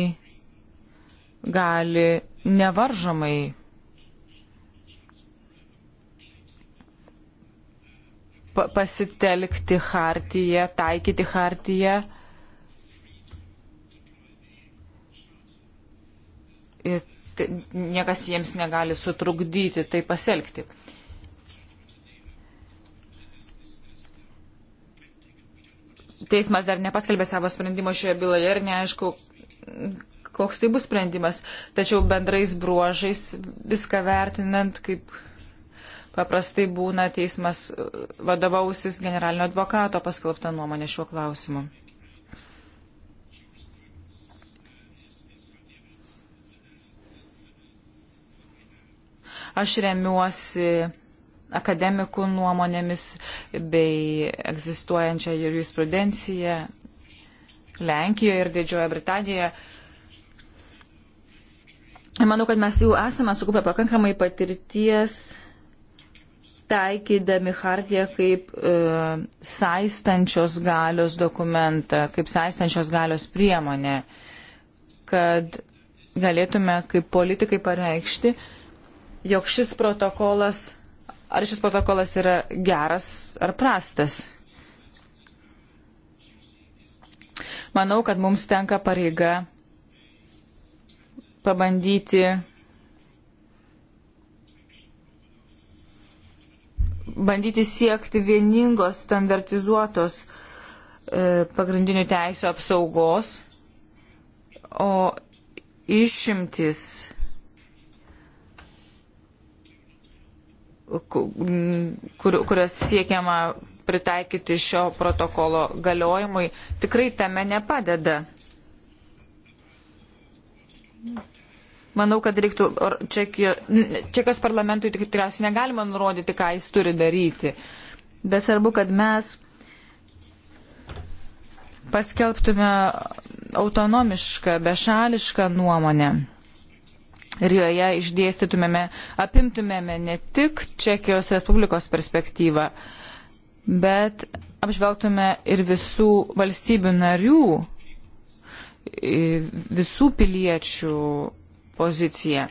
S1: gali nevaržomai pasitelkti hartiją, taikyti hartiją. Ir niekas jiems negali sutrukdyti tai pasielgti. Teismas dar nepaskelbė savo sprendimo šioje byloje ir neaišku, koks tai bus sprendimas, tačiau bendrais bruožais viską vertinant kaip Paprastai būna teismas e, vadovausis generalinio advokato paskelbta nuomonė šiuo klausimu. Aš remiuosi akademikų nuomonėmis bei egzistuojančią jurisprudenciją Lenkijoje ir Didžiojoje Britanijoje. Manau, kad mes jau esame sukaupę pakankamai patirties taikydami hartiją kaip e, saistančios galios dokumentą, kaip saistančios galios priemonę, kad galėtume kaip politikai pareikšti, jog šis protokolas, ar šis protokolas yra geras ar prastas. Manau, kad mums tenka pareiga pabandyti bandyti siekti vieningos standartizuotos e, pagrindinių teisų apsaugos, o išimtis kur, kurias siekiama pritaikyti šio protokolo galiojimui, tikrai tame nepadeda. Manau, kad reiktų Čekijos parlamentui tikriausiai negalima nurodyti, ką jis turi daryti. Bet svarbu, kad mes paskelbtume autonomišką, bešališką nuomonę. Ir joje išdėstytumėme, apimtumėme ne tik Čekijos Respublikos perspektyvą, bet apžvelgtume ir visų valstybių narių, visų piliečių poziciją.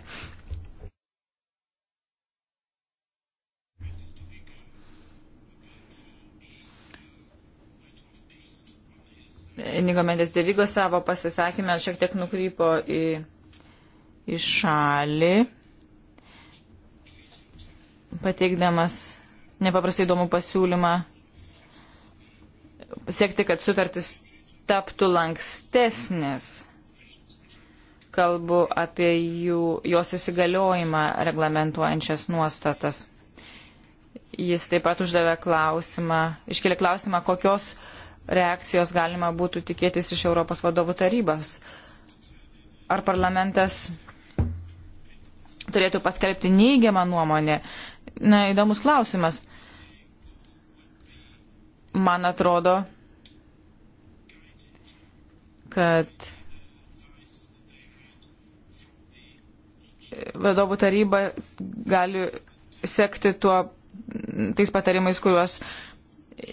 S1: Inigo Mendes Devigo savo pasisakymę šiek tiek nukrypo į, į šalį, pateikdamas nepaprastai įdomų pasiūlymą siekti, kad sutartis taptų lankstesnės kalbu apie jų, jos įsigaliojimą reglamentuojančias nuostatas. Jis taip pat uždavė klausimą, iškėlė klausimą, kokios reakcijos galima būtų tikėtis iš Europos vadovų tarybos. Ar parlamentas turėtų paskelbti neįgiamą nuomonę? Na, įdomus klausimas. Man atrodo, kad vadovų taryba gali sekti tuo, tais patarimais, kuriuos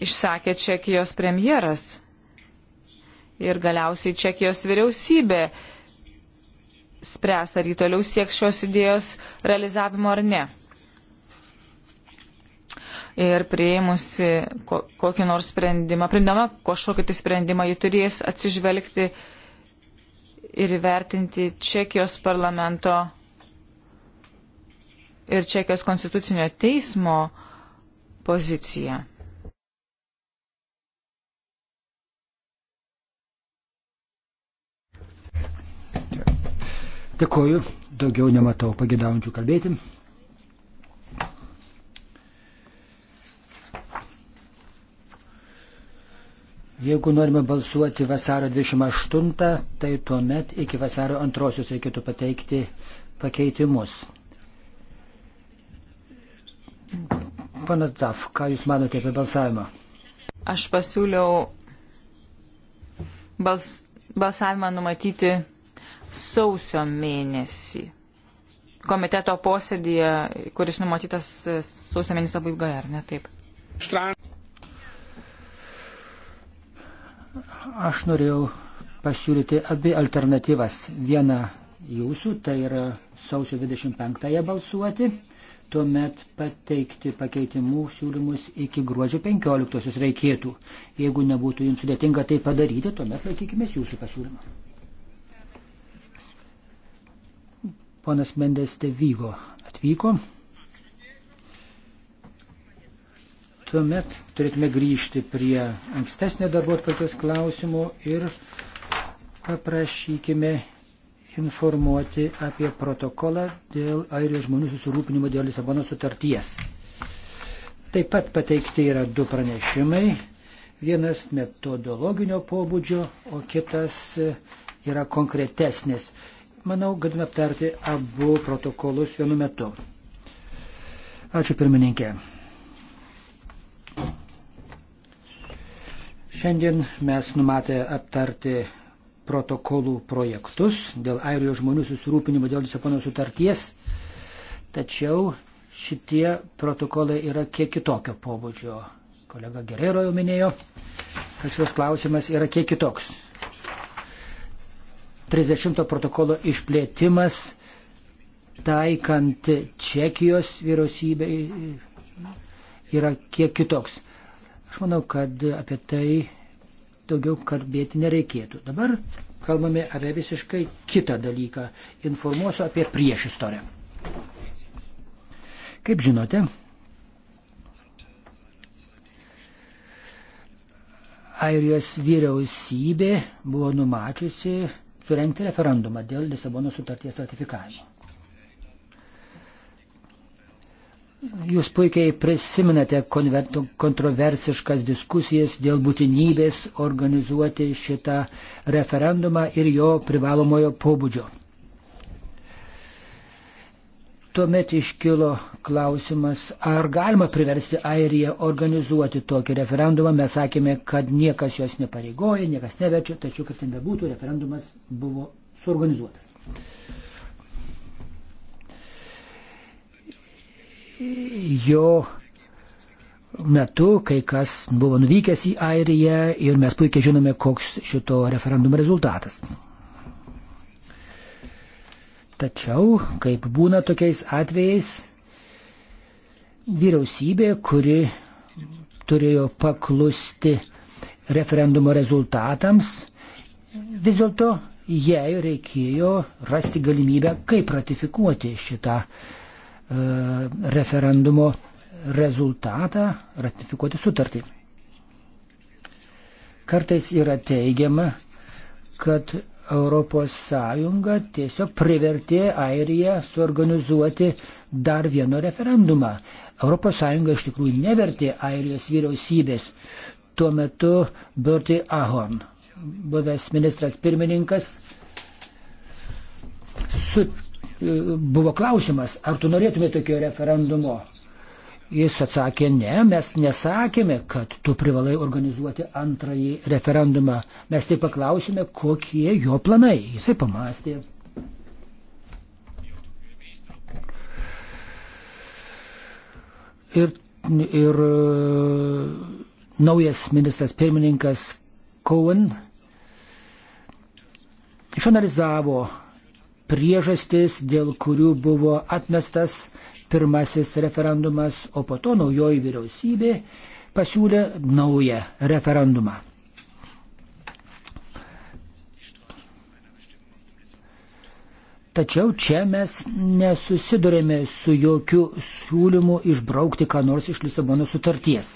S1: išsakė Čekijos premjeras ir galiausiai Čekijos vyriausybė spręs, ar jį toliau sieks šios idėjos realizavimo ar ne. Ir prieimusi kokį nors sprendimą, priimdama kažkokį tai sprendimą, jį turės atsižvelgti ir įvertinti Čekijos parlamento ir Čekijos konstitucinio teismo poziciją.
S2: Dėkuoju, daugiau nematau pagėdaujančių kalbėti. Jeigu norime balsuoti vasaro 28, tai tuomet iki vasaro 2 reikėtų pateikti pakeitimus. Pana Taf, ką Jūs manote apie balsavimą?
S1: Aš pasiūliau bals, balsavimą numatyti sausio mėnesį. Komiteto posėdėje, kuris numatytas sausio mėnesio pabaigoje, ar ne taip?
S2: Aš norėjau pasiūlyti abi alternatyvas. Vieną jūsų, tai yra sausio 25-ąją balsuoti tuomet pateikti pakeitimų siūlymus iki gruodžio 15 reikėtų. Jeigu nebūtų jums sudėtinga tai padaryti, tuomet laikykime jūsų pasiūlymą. Ponas Mendes Tevygo atvyko. Tuomet turėtume grįžti prie ankstesnio darbo atvarkės klausimo ir paprašykime informuoti apie protokolą dėl airijos žmonių susirūpinimo dėl Lisabono sutarties. Taip pat pateikti yra du pranešimai. Vienas metodologinio pobūdžio, o kitas e, yra konkretesnis. Manau, galime aptarti abu protokolus vienu metu. Ačiū pirmininkė. Šiandien mes numatę aptarti protokolų projektus dėl airijos žmonių susirūpinimo dėl Lisabono sutarties, tačiau šitie protokolai yra kiek kitokio pobūdžio. Kolega Gerero jau minėjo, kad šios klausimas yra kiek kitoks. 30 protokolo išplėtimas taikant Čekijos vyriausybei yra kiek kitoks. Aš manau, kad apie tai daugiau kalbėti nereikėtų. Dabar kalbame apie visiškai kitą dalyką. Informuosiu apie priešistorę. Kaip žinote, Airijos vyriausybė buvo numačiusi surenkti referendumą dėl Lisabono sutarties ratifikavimo. Jūs puikiai prisiminate kontroversiškas diskusijas dėl būtinybės organizuoti šitą referendumą ir jo privalomojo pobūdžio. Tuomet iškilo klausimas, ar galima priversti Airiją organizuoti tokį referendumą. Mes sakėme, kad niekas jos nepareigoja, niekas neverčia, tačiau kaip ten bebūtų, referendumas buvo suorganizuotas. jo metu kai kas buvo nuvykęs į Airiją ir mes puikiai žinome, koks šito referendumo rezultatas. Tačiau, kaip būna tokiais atvejais, vyriausybė, kuri turėjo paklusti referendumo rezultatams, vis dėlto jai reikėjo rasti galimybę, kaip ratifikuoti šitą referendumą E, referendumo rezultatą ratifikuoti sutartį. Kartais yra teigiama, kad ES tiesiog privertė Airiją suorganizuoti dar vieną referendumą. ES iš tikrųjų nevertė Airijos vyriausybės. Tuo metu Bertie Ahorn, buvęs ministras pirmininkas, sutikė buvo klausimas, ar tu norėtumė tokio referendumo. Jis atsakė, ne, mes nesakėme, kad tu privalai organizuoti antrąjį referendumą. Mes tai paklausime, kokie jo planai. Jisai pamastė. Ir, ir e, naujas ministras pirmininkas Cohen išanalizavo priežastis, dėl kurių buvo atmestas pirmasis referendumas, o po to naujoji vyriausybė pasiūlė naują referendumą. Tačiau čia mes nesusidurėme su jokiu siūlymu išbraukti ką nors iš Lisabono sutarties.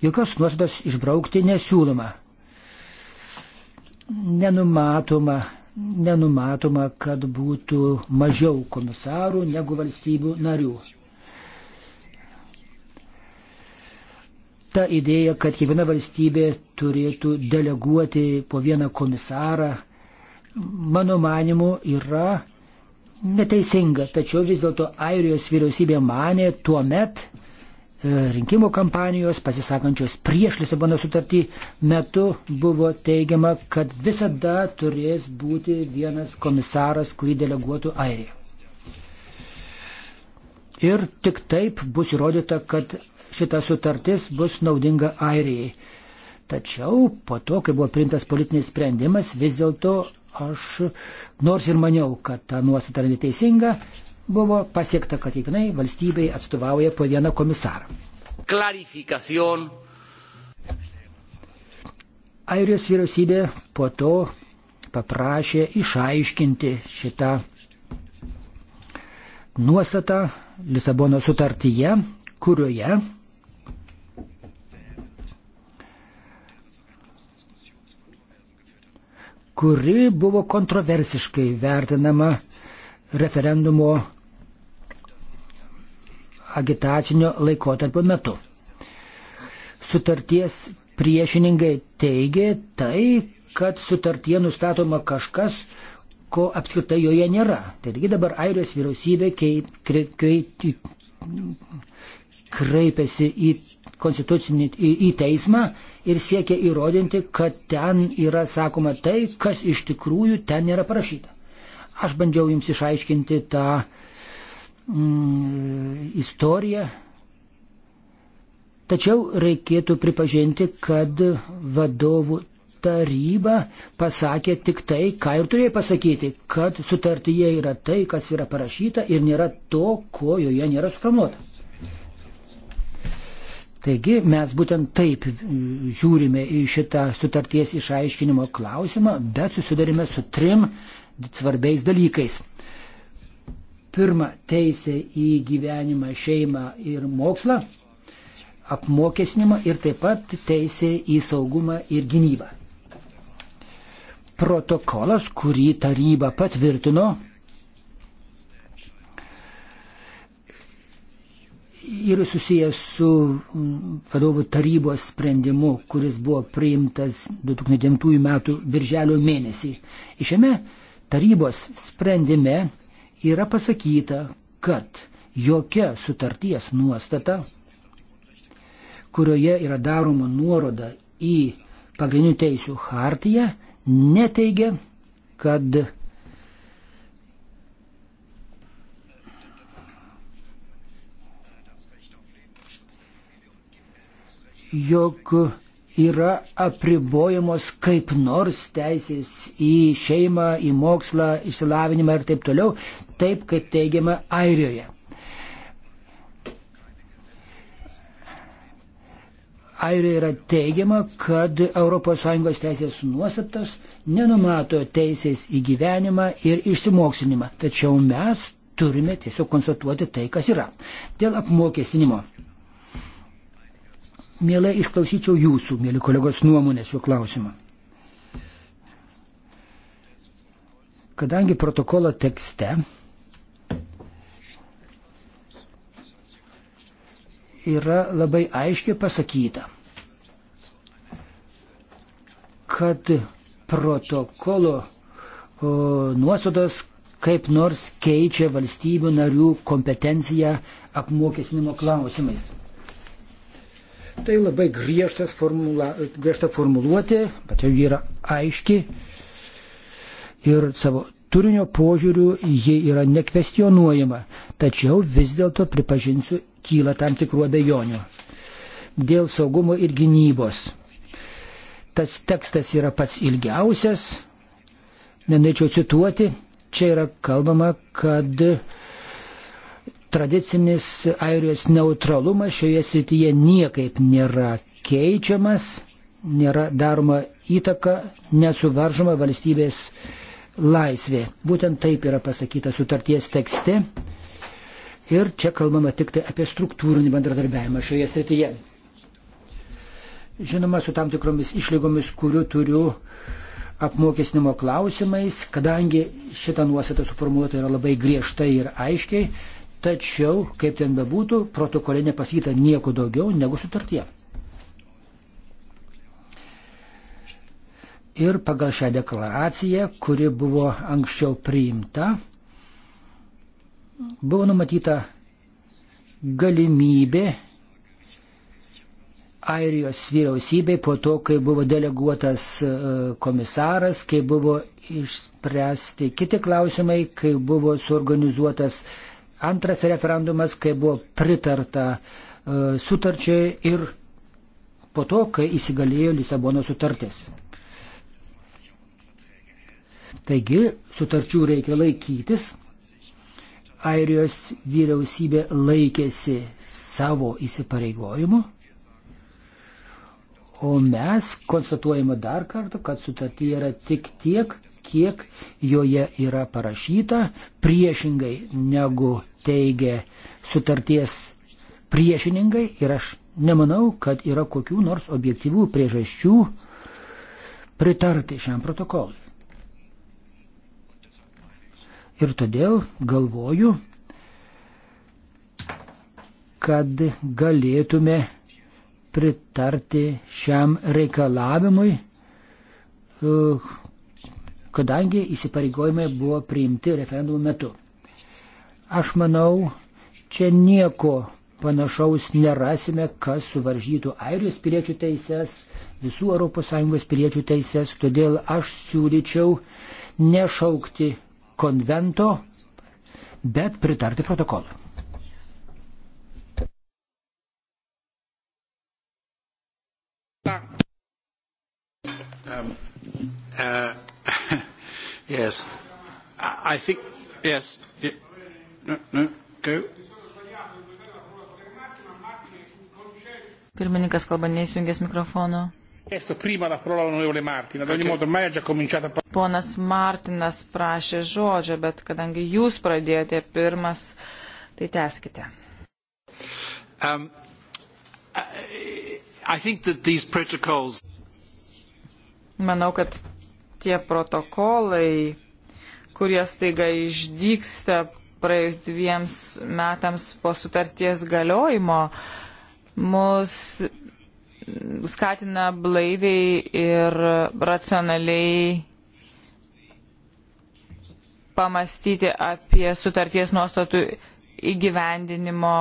S2: Jokios nuostatos išbraukti nesiūloma. Nenumatoma nenumatoma, kad būtų mažiau komisarų negu valstybių narių. Ta idėja, kad kiekviena valstybė turėtų deleguoti po vieną komisarą, mano manimu, yra neteisinga. Tačiau vis dėlto Airijos vyriausybė mane tuo met, E, rinkimų kampanijos, pasisakančios prieš Lisabono sutartį metu buvo teigiama, kad visada turės būti vienas komisaras, kurį deleguotų Airija. Ir tik taip bus įrodyta, kad šita sutartis bus naudinga Airijai. Tačiau po to, kai buvo priimtas politinis sprendimas, vis dėlto aš nors ir maniau, kad ta nuostata yra neteisinga, buvo pasiekta, kad kiekvienai valstybei atstovauja po vieną komisarą. Klarifikacijon. Airijos vyriausybė po to paprašė išaiškinti šitą nuostatą Lisabono sutartyje, kurioje kuri buvo kontroversiškai vertinama referendumo agitacinio laikotarpio metu. Sutarties priešininkai teigia tai, kad sutartie nustatoma kažkas, ko apskritai joje nėra. Taigi dabar Airijos vyriausybė kei, kre, kre, kreipiasi į konstitucinį į, į teismą ir siekia įrodinti, kad ten yra sakoma tai, kas iš tikrųjų ten yra parašyta. Aš bandžiau jums išaiškinti tą uh, mm, istoriją. Tačiau reikėtų pripažinti, kad vadovų taryba pasakė tik tai, ką ir turėjo pasakyti, kad sutartyje yra tai, kas yra parašyta ir nėra to, ko joje nėra suformuota. Taigi mes būtent taip mm, žiūrime į šitą sutarties išaiškinimo klausimą, bet susidarime su trim svarbiais dalykais pirmą teisę į gyvenimą, šeimą ir mokslą, apmokesnimą ir taip pat teisę į saugumą ir gynybą. Protokolas, kurį taryba patvirtino, ir susijęs su mm, vadovų tarybos sprendimu, kuris buvo priimtas 2009 m. birželio mėnesį. Išėme tarybos sprendime yra pasakyta, kad jokia sutarties nuostata, kurioje yra daroma nuoroda į pagrindinių teisių hartiją, neteigia, kad jog yra apribojamos kaip nors teisės į šeimą, į mokslą, išsilavinimą ir taip toliau, taip kaip teigiama Airijoje. Airijoje yra teigiama, kad ES teisės nuostatos nenumato teisės į gyvenimą ir išsimokslinimą. Tačiau mes turime tiesiog konstatuoti tai, kas yra. Dėl apmokestinimo mielai išklausyčiau jūsų, mėly kolegos, nuomonės šiuo klausimu. Kadangi protokolo tekste yra labai aiškiai pasakyta, kad protokolo o, nuosodos kaip nors keičia valstybių narių kompetenciją apmokestinimo klausimais. Tai labai griežtas formula, griežta formuluotė, bet jau yra aiški ir savo turinio požiūrių ji yra nekvestionuojama, tačiau vis dėlto pripažinsiu, kyla tam tikrų abejonių dėl saugumo ir gynybos. Tas tekstas yra pats ilgiausias, nenorėčiau cituoti, čia yra kalbama, kad tradicinis Airijos neutralumas šioje srityje niekaip nėra keičiamas, nėra daroma įtaka, nesuvaržoma valstybės laisvė. Būtent taip yra pasakyta sutarties tekste. Ir čia kalbama tik tai apie struktūrinį bendradarbiavimą šioje srityje. Žinoma, su tam tikromis išlygomis, kurių turiu apmokestinimo klausimais, kadangi šita nuostata suformuoluota yra labai griežtai ir aiškiai, Tačiau, kaip ten bebūtų, protokolė nepasakyta nieko daugiau negu sutartie. Ir pagal šią deklaraciją, kuri buvo anksčiau priimta, buvo numatyta galimybė Airijos vyriausybei po to, kai buvo deleguotas e, komisaras, kai buvo išspręsti kiti klausimai, kai buvo suorganizuotas uh, Antras referendumas, kai buvo pritarta e, sutarčiai ir po to, kai įsigalėjo Lisabono sutartis. Taigi, sutarčių reikia laikytis. Airijos vyriausybė laikėsi savo įsipareigojimu. O mes konstatuojame dar kartą, kad sutartyje yra tik tiek, kiek joje yra parašyta, priešingai negu teigia sutarties priešininkai ir aš nemanau, kad yra kokių nors objektyvių priežasčių pritarti šiam protokolui. Ir todėl galvoju, kad galėtume pritarti šiam reikalavimui, uh, kadangi įsipareigojimai buvo priimti referendumo metu. Aš manau, čia nieko panašaus nerasime, kas suvaržytų airijos piliečių teises, visų ES piliečių teises, todėl aš siūlyčiau nešaukti konvento, bet pritarti protokolui.
S3: Um, uh,
S2: Yes. I think, yes. No, no, go.
S1: Pirmininkas kalba neįsijungęs mikrofono. Ponas Martinas prašė žodžio, bet kadangi jūs pradėjote pirmas, tai teskite.
S2: Um, I think that these protocols...
S1: Manau, kad tie protokolai, kurie staiga išdyksta praėjus dviems metams po sutarties galiojimo, mus skatina blaiviai ir racionaliai pamastyti apie sutarties nuostatų įgyvendinimo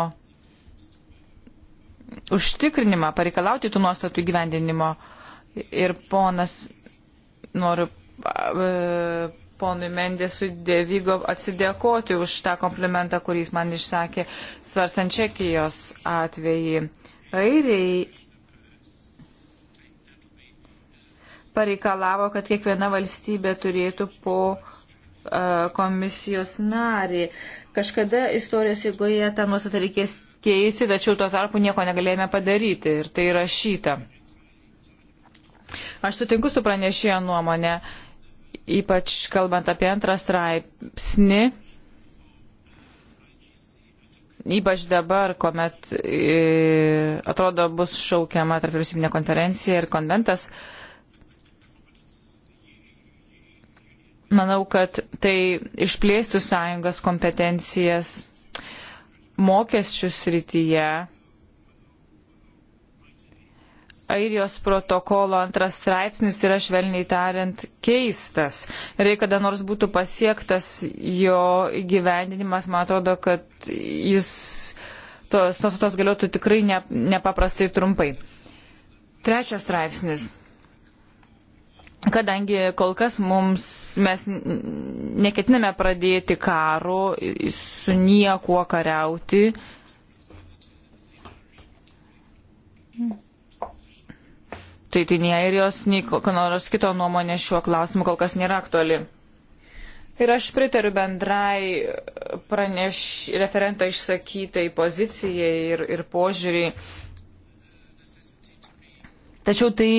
S1: užtikrinimą, pareikalauti tų nuostatų įgyvendinimo. Ir ponas noriu e, ponui Mendėsui Devygo atsidėkoti už tą komplimentą, kurį jis man išsakė, svarstant Čekijos atvejį. Airiai pareikalavo, kad kiekviena valstybė turėtų po e, komisijos narį. Kažkada istorijos eigoje tą nuostatą reikės keisti, tačiau tuo tarpu nieko negalėjome padaryti ir tai rašyta. Aš sutinku su pranešėjo nuomonė, ypač kalbant apie antrą straipsnį, ypač dabar, kuomet e, atrodo bus šaukiama tarp vyriausybinė konferencija ir konventas. Manau, kad tai išplėstų sąjungos kompetencijas mokesčių srityje Airijos protokolo antras straipsnis yra švelniai tariant keistas. Ir jei kada nors būtų pasiektas jo įgyvendinimas, man atrodo, kad jis tos nuostatos galėtų tikrai ne, nepaprastai trumpai. Trečias straipsnis kadangi kol kas mums mes neketiname pradėti karo, su niekuo kariauti tai tinėje ir jos nei nors kito nuomonė šiuo klausimu kol kas nėra aktuali. Ir aš pritariu bendrai uh, praneš referento išsakytai pozicijai ir, ir požiūriai. Tačiau tai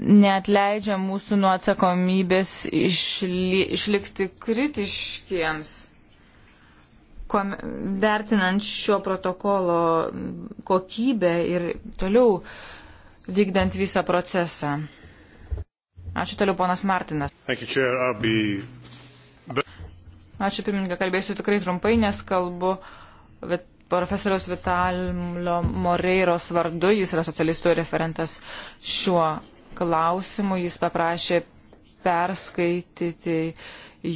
S1: neatleidžia mūsų nuo atsakomybės išli, išlikti kritiškiems, kuom, vertinant šio protokolo kokybę ir toliau vykdant visą procesą. Ačiū toliau, ponas Martinas. Ačiū, pirmininkė, kalbėsiu tikrai trumpai, nes kalbu profesoriaus Vitalio Moreiros vardu, jis yra socialistų referentas šiuo klausimu, jis paprašė perskaityti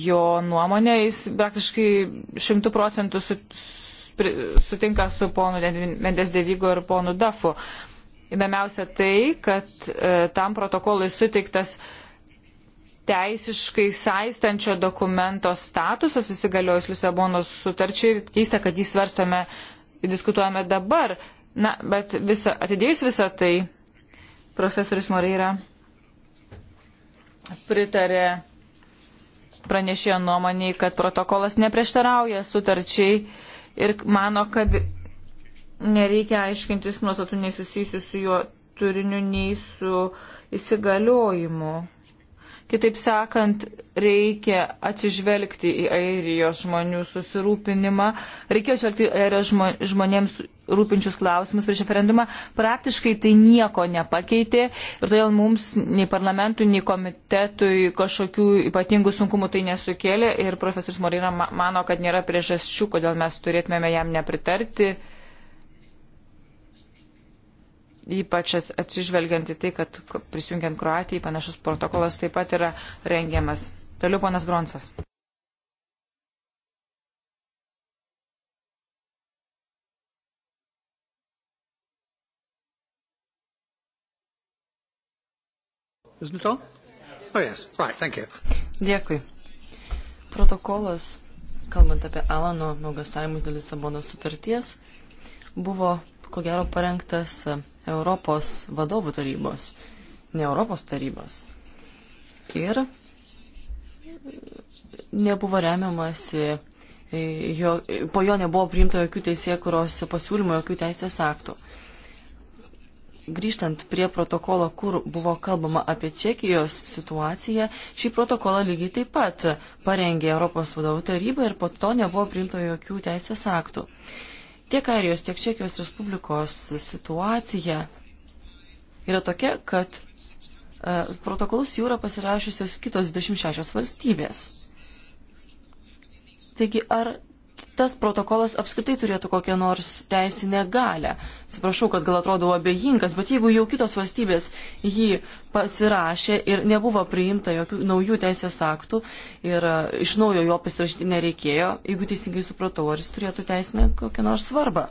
S1: jo nuomonę, jis praktiškai šimtų procentų sutinka su ponu Mendes Devygo ir ponu Dafu. Uh, Įdomiausia tai, kad e, tam protokolui suteiktas teisiškai saistančio dokumento statusas įsigaliojus Lisabonos sutarčiai ir keista, kad jį svarstome ir diskutuojame dabar. Na, bet visa, atidėjus visą tai, profesorius Moreira pritarė pranešėjo nuomonį, kad protokolas neprieštarauja sutarčiai ir mano, kad nereikia aiškintis nuostatų nesusijusių su jo turiniu nei su įsigaliojimu. Kitaip sakant, reikia atsižvelgti į airijos žmonių susirūpinimą, reikia atsižvelgti į airijos žmonėms rūpinčius klausimus prieš referendumą. Praktiškai tai nieko nepakeitė ir todėl mums nei parlamentui, nei komitetui kažkokių ypatingų sunkumų tai nesukėlė ir profesorius Morina mano, kad nėra priežasčių, kodėl mes turėtumėme jam nepritarti ypač atsižvelgiant į tai, kad prisijungiant Kroatijai panašus protokolas taip pat yra rengiamas. Toliau ponas Gronsas.
S2: Oh, yes. right,
S3: Dėkui. Protokolas, kalbant apie Alano nuogastavimus dėl Lisabonos sutarties, buvo ko gero parengtas Europos vadovų tarybos, ne Europos tarybos. Ir nebuvo remiamasi, e, jo, e, po jo nebuvo priimta jokių teisėkuros pasiūlymų, jokių teisės aktų. Grįžtant prie protokolo, kur buvo kalbama apie Čekijos situaciją, šį protokolą lygiai taip pat parengė Europos vadovų taryba ir po to nebuvo priimta jokių teisės aktų. Uh, Tiek Airijos, tiek Čekijos Respublikos situacija yra tokia, kad e, protokolus jų yra pasirašiusios kitos 26 valstybės. Taigi, ar tas protokolas apskritai turėtų kokią nors teisinę galę. Atsiprašau, kad gal atrodau abejingas, bet jeigu jau kitos valstybės jį pasirašė ir nebuvo priimta jokių naujų teisės aktų ir e, iš naujo jo pasirašyti nereikėjo, jeigu teisingai supratau, ar jis turėtų teisinę kokią nors svarbą.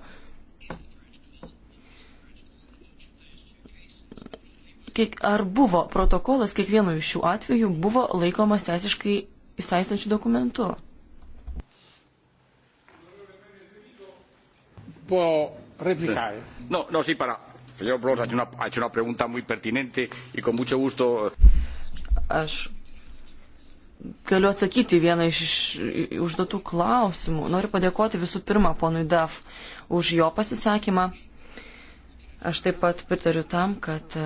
S3: Ar buvo protokolas kiekvienu iš šių atvejų buvo laikomas teisiškai įsaistančių dokumentų? può replicare.
S2: No, no, sí, para. Señor Bros ha hecho, una, ha hecho una pregunta muy pertinente y e con mucho gusto. Eh.
S3: Aš galiu atsakyti vieną iš užduotų klausimų. Noriu padėkoti visų pirma ponui Daf už jo pasisakymą. Aš taip pat pritariu tam, kad e,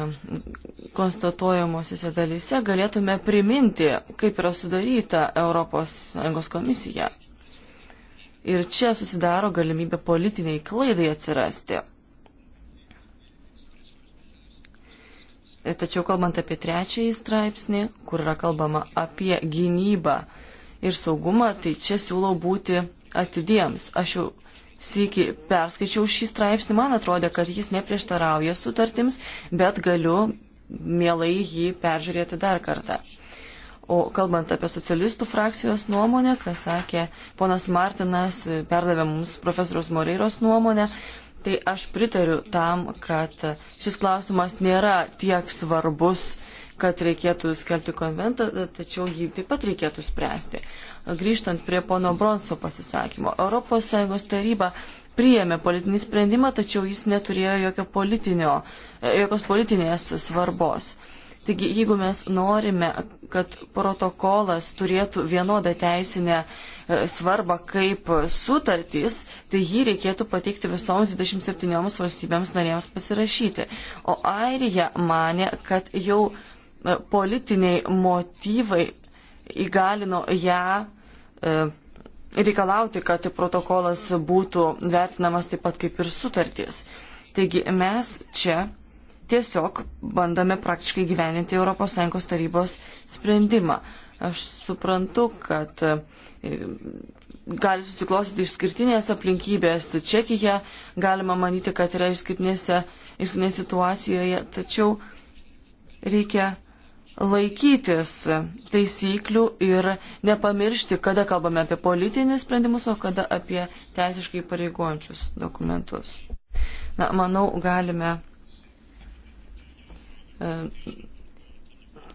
S3: konstatuojamosiose dalyse galėtume priminti, kaip yra sudaryta ES komisija. Ir čia susidaro galimybė politiniai klaidai atsirasti. Tačiau kalbant apie trečiąjį straipsnį, kur yra kalbama apie gynybą ir saugumą, tai čia siūlau būti atidiems. Aš jau sėki perskaičiau šį straipsnį, man atrodė, kad jis neprieštarauja sutartims, bet galiu mielai jį peržiūrėti dar kartą. O kalbant apie socialistų frakcijos nuomonę, ką sakė ponas Martinas, perdavė mums profesoriaus Moreiros nuomonę, tai aš pritariu tam, kad šis klausimas nėra tiek svarbus, kad reikėtų skelbti konventą, tačiau jį taip pat reikėtų spręsti. Grįžtant prie pono Bronso pasisakymo, ES taryba priėmė politinį sprendimą, tačiau jis neturėjo jokio politinio, e, jokios politinės svarbos. Taigi, jeigu mes norime, kad protokolas turėtų vienodą teisinę e, svarbą kaip sutartys, tai jį reikėtų pateikti visoms 27 valstybėms narėms pasirašyti. O Airija mane, kad jau e, politiniai motyvai įgalino ją e, reikalauti, kad protokolas būtų vertinamas taip pat kaip ir sutartys. Taigi mes čia tiesiog bandome praktiškai gyveninti ES tarybos sprendimą. Aš suprantu, kad e, gali susiklostyti išskirtinės aplinkybės. Čekija galima manyti, kad yra išskirtinėse situacijoje, tačiau reikia laikytis taisyklių ir nepamiršti, kada kalbame apie politinius sprendimus, o kada apie teisiškai pareigojančius dokumentus. Na, manau, galime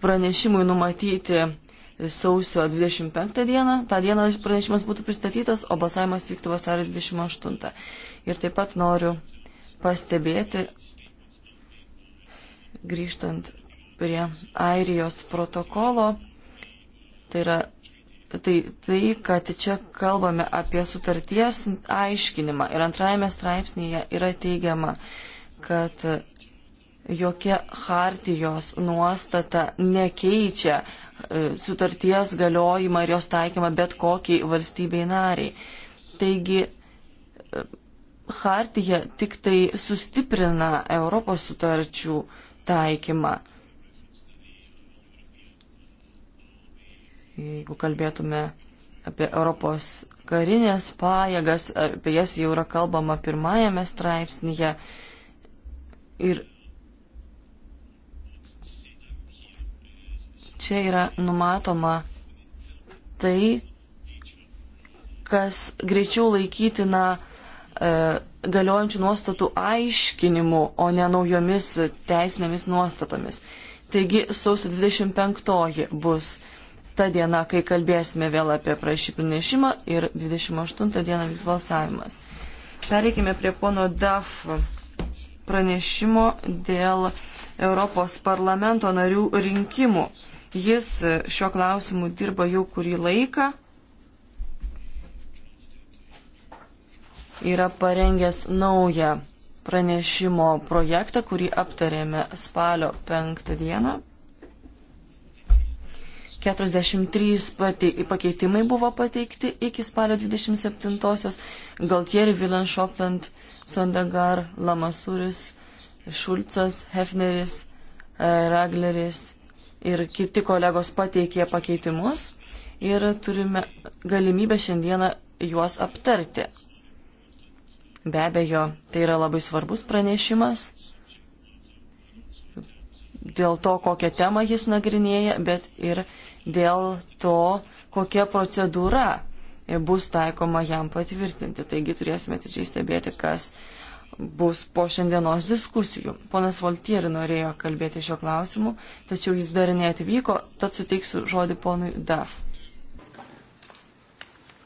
S3: pranešimui numatyti sausio 25 dieną. Ta diena pranešimas būtų pristatytas, o balsavimas vyktų vasario 28. Ir taip pat noriu pastebėti, grįžtant prie Airijos protokolo, tai yra tai, tai, kad čia kalbame apie sutarties aiškinimą ir antrajame straipsnėje yra teigiama, kad jokia hartijos nuostata nekeičia e, sutarties galiojimą ir jos taikymą bet kokiai valstybei nariai. Taigi, e, hartija tik tai sustiprina Europos sutarčių taikymą. Jeigu kalbėtume apie Europos karinės pajėgas, apie jas jau yra kalbama pirmajame straipsnėje. Ir Čia yra numatoma tai, kas greičiau laikytina e, galiojančių nuostatų aiškinimu, o ne naujomis teisinėmis nuostatomis. Taigi sausio 25 bus ta diena, kai kalbėsime vėl apie prašį pranešimą ir 28 diena vyks balsavimas. Pereikime prie pono DAF pranešimo dėl Europos parlamento narių rinkimų. Jis e, šiuo klausimu dirba jau kurį laiką. Yra parengęs naują pranešimo projektą, kurį aptarėme spalio 5 dieną. 43 pakeitimai buvo pateikti iki spalio 27-osios. Galtieri, Vilan Šopland, Sondagar, Lamasuris, Šulcas, Hefneris, e, Ragleris ir kiti kolegos pateikė pakeitimus ir turime galimybę šiandieną juos aptarti. Be abejo, tai yra labai svarbus pranešimas dėl to, kokią temą jis nagrinėja, bet ir dėl to, kokia procedūra bus taikoma jam patvirtinti. Taigi turėsime atidžiai stebėti, kas uh, bus po šiandienos diskusijų. Ponas Voltieri norėjo kalbėti šio klausimu, tačiau jis dar neatvyko, tad suteiksiu žodį ponui Daf.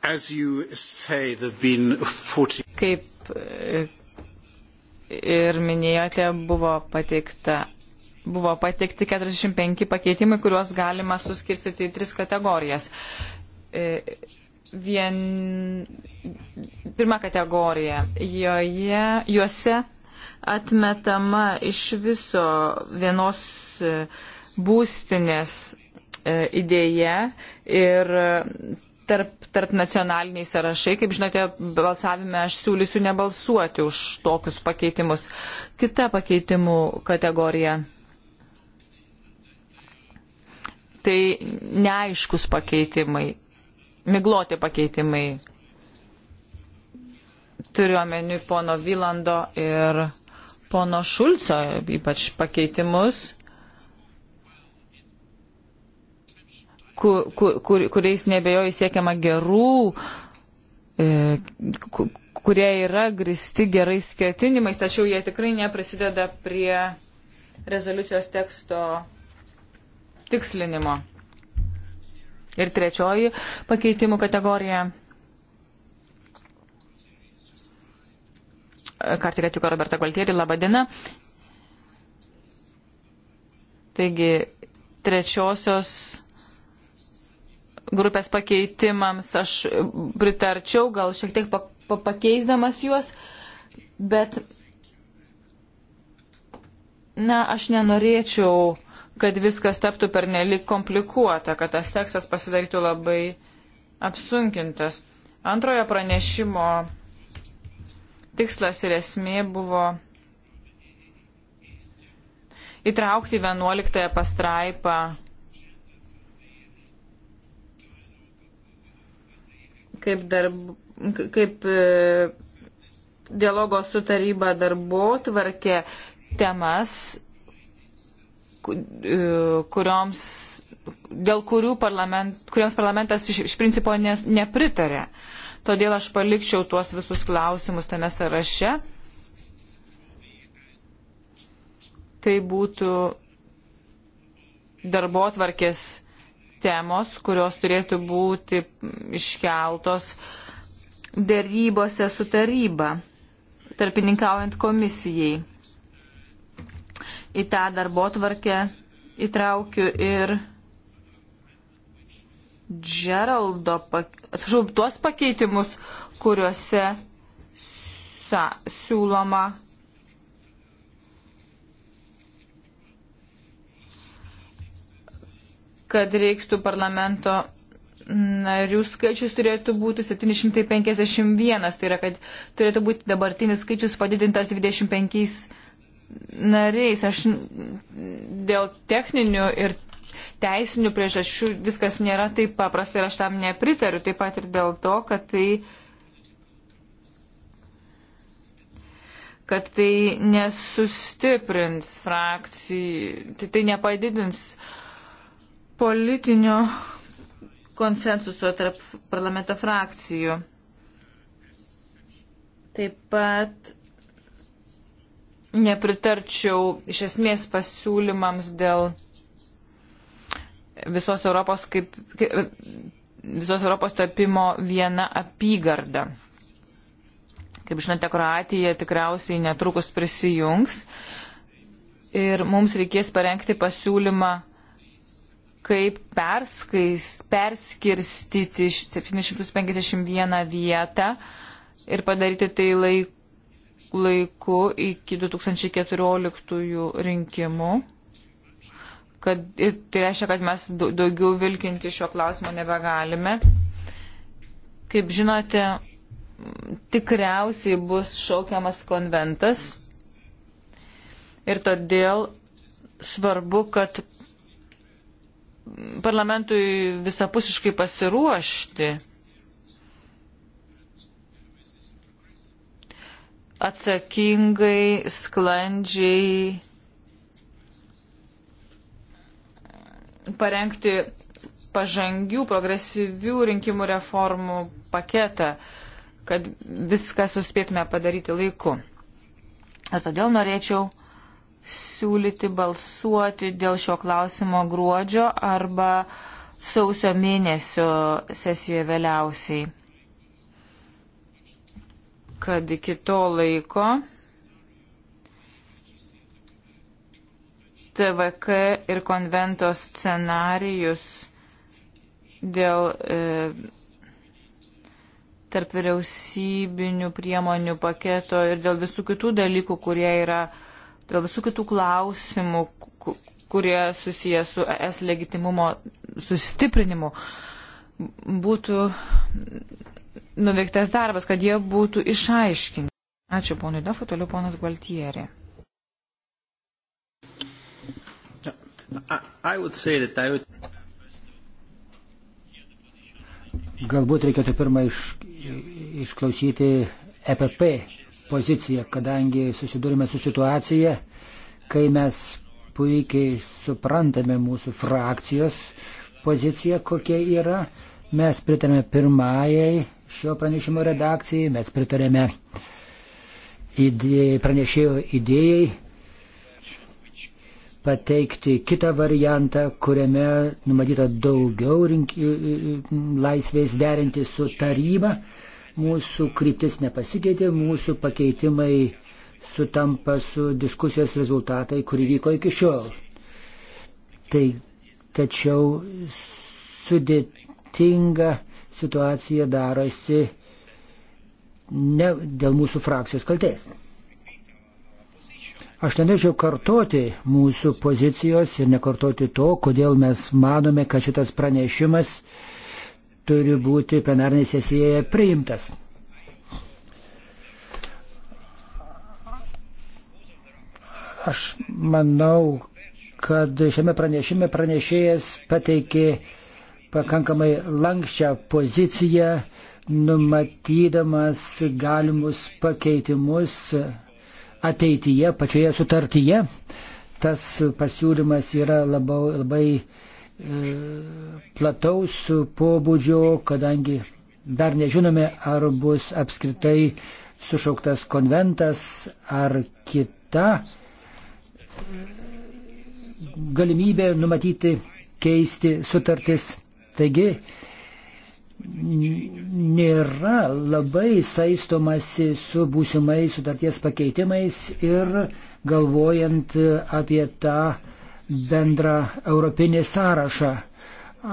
S1: Say, 40... Kaip e, ir minėjote, buvo pateikta. Buvo pateikti 45 pakeitimai, kuriuos galima suskirstyti į tris kategorijas. E, vien, pirmą kategoriją. Joje, juose atmetama iš viso vienos e, būstinės e, idėja ir e, tarp, tarp nacionaliniai sąrašai. Kaip žinote, balsavime aš siūlysiu nebalsuoti už tokius pakeitimus. Kita pakeitimų kategorija. Tai neaiškus pakeitimai, migloti pakeitimai. Turiu omeny pono Vylando ir pono Šulco, ypač pakeitimus, kur, kur, kur, kuriais nebejoju siekiama gerų, e, kurie yra gristi gerais ketinimais, tačiau jie tikrai neprisideda prie rezoliucijos teksto tikslinimo. Ir trečioji pakeitimų kategorija Kartika Tiko Roberta Gualtieri, labadiena. Taigi, trečiosios grupės pakeitimams aš pritarčiau, gal šiek tiek pa, pa, pakeisdamas juos, bet, na, aš nenorėčiau, kad viskas taptų pernelik komplikuota, kad tas tekstas pasidarytų labai apsunkintas. Antrojo pranešimo tikslas ir esmė buvo įtraukti 11 pastraipą kaip, darb, kaip e, dialogo su taryba darbo tvarkė temas, e, kurioms, dėl kurių parlament, kuriems parlamentas iš, iš principo ne, nepritarė. Uh, todėl aš palikčiau tuos visus klausimus tame sąraše. Tai būtų darbo tvarkės temos, kurios turėtų būti iškeltos dėrybose su taryba, tarpininkaujant komisijai. Į tą darbo tvarkę įtraukiu ir Geraldo, atsiprašau, tuos pakeitimus, kuriuose sa, siūloma kad reiktų parlamento narių skaičius turėtų būti 751, tai yra, kad turėtų būti dabartinis skaičius padidintas 25 nariais. Aš dėl techninių ir teisinių priežasčių viskas nėra taip paprasta ir aš tam nepritariu, taip pat ir dėl to, kad tai kad tai nesustiprins frakcijų, tai, tai nepadidins politinio konsensuso tarp parlamento frakcijų. Taip pat nepritarčiau iš esmės pasiūlymams dėl visos Europos, kaip, kaip, visos Europos tapimo viena apygarda. Kaip žinote, Kroatija tikriausiai netrukus prisijungs ir mums reikės parengti pasiūlymą, kaip perskais, perskirstyti 751 vietą ir padaryti tai laiku laiku iki 2014 rinkimų kad tai reiškia, kad mes daugiau vilkinti šio klausimo nebegalime. Kaip žinote, tikriausiai bus šaukiamas konventas ir todėl svarbu, kad parlamentui visapusiškai pasiruošti atsakingai, sklandžiai parengti pažangių, progresyvių rinkimų reformų paketą, kad viską suspėtume padaryti laiku. Ir todėl norėčiau siūlyti balsuoti dėl šio klausimo gruodžio arba sausio mėnesio sesijoje vėliausiai, kad iki to laiko TVK ir konvento scenarijus dėl e, tarp vyriausybinių priemonių paketo ir dėl visų kitų dalykų, kurie yra, dėl visų kitų klausimų, kurie susiję su ES legitimumo sustiprinimu, būtų nuveiktas darbas, kad jie būtų išaiškinti. Ačiū ponui Dafu, toliau ponas Gualtieri.
S3: I, I would say that I would...
S2: Galbūt reikėtų pirmą iš, išklausyti EPP poziciją, kadangi susidurime su situacija, kai mes puikiai suprantame mūsų frakcijos poziciją, kokia yra. Mes pritarėme pirmajai šio pranešimo redakcijai, mes pritarėme idėjai, pranešėjo idėjai pateikti kitą variantą, kuriame numatyta daugiau rinki, laisvės derinti su taryba. Mūsų kryptis nepasikeitė, mūsų pakeitimai sutampa su diskusijos rezultatai, kuri vyko iki šiol. Tai tačiau sudėtinga situacija darosi ne dėl mūsų frakcijos kaltės. Aš nenorėčiau kartoti mūsų pozicijos ir nekartoti to, kodėl mes manome, kad šitas pranešimas turi būti plenarnėje sesijoje priimtas. Aš manau, kad šiame pranešime pranešėjas pateikė pakankamai lankščią poziciją, numatydamas galimus pakeitimus ateityje, pačioje sutartyje. Tas pasiūlymas yra labai, labai e, plataus pobūdžio, kadangi dar nežinome, ar bus apskritai sušauktas konventas ar kita e, galimybė numatyti keisti sutartis. Taigi nėra labai saistomasi su būsimais sutarties pakeitimais ir galvojant apie tą bendrą europinį sąrašą.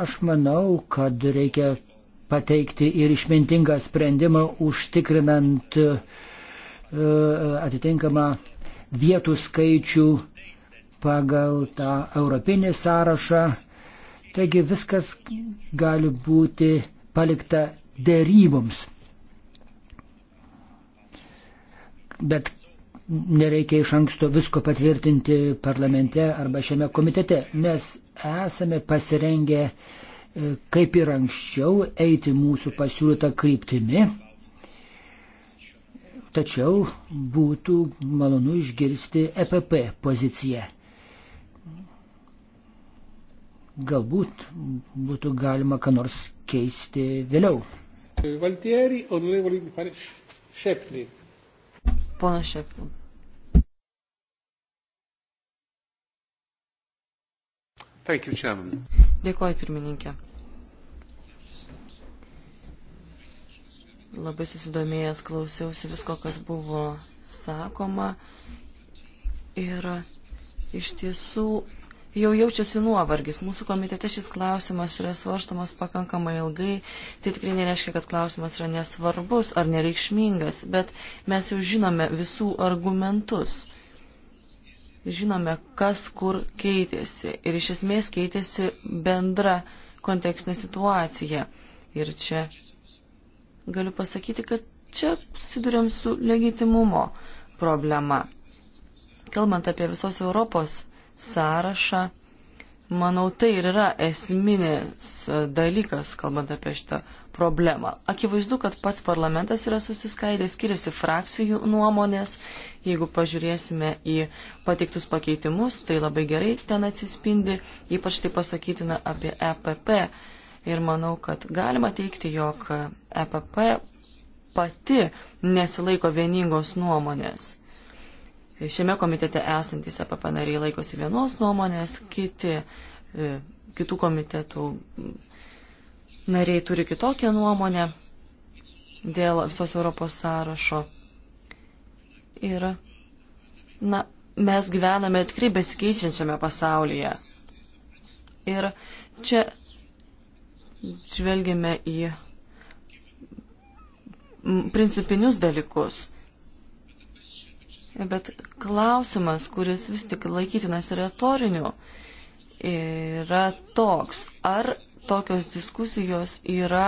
S2: Aš manau, kad reikia pateikti ir išmintingą sprendimą užtikrinant e, atitinkamą vietų skaičių pagal tą europinį sąrašą. Taigi viskas gali būti palikta dėryboms. Bet nereikia iš anksto visko patvirtinti parlamente arba šiame komitete. Mes esame pasirengę, e, kaip ir anksčiau, eiti mūsų pasiūlytą kryptimi. Tačiau būtų malonu išgirsti EPP poziciją galbūt būtų galima ką nors keisti vėliau. Valtieri, onorevoli Šeplin.
S3: Pono Šeplin. Dėkuoju, pirmininkė. Labai susidomėjęs klausiausi visko, kas buvo sakoma. Ir iš tiesų jau jaučiasi nuovargis. Mūsų komitete šis klausimas yra svarstamas pakankamai ilgai. Tai tikrai nereiškia, kad klausimas yra nesvarbus ar nereikšmingas, bet mes jau žinome visų argumentus. Žinome, kas kur keitėsi. Ir iš esmės keitėsi bendra kontekstinė situacija. Ir čia galiu pasakyti, kad čia susidurėm su legitimumo problema. Kalbant apie visos Europos sąrašą. Manau, tai ir yra esminis e, dalykas, kalbant apie šitą problemą. Akivaizdu, kad pats parlamentas yra susiskaidęs, skiriasi frakcijų nuomonės. Jeigu pažiūrėsime į pateiktus pakeitimus, tai labai gerai ten atsispindi, ypač tai pasakytina apie EPP. Ir manau, kad galima teikti, jog EPP pati nesilaiko vieningos nuomonės šiame komitete esantys APP nariai laikosi vienos nuomonės, kiti, e, kitų komitetų nariai turi kitokią nuomonę dėl visos Europos sąrašo. Ir, na, mes gyvename tikrai besikeičiančiame pasaulyje. Ir čia žvelgiame į principinius dalykus. Bet klausimas, kuris vis tik laikytinas retoriniu, yra toks, ar tokios diskusijos yra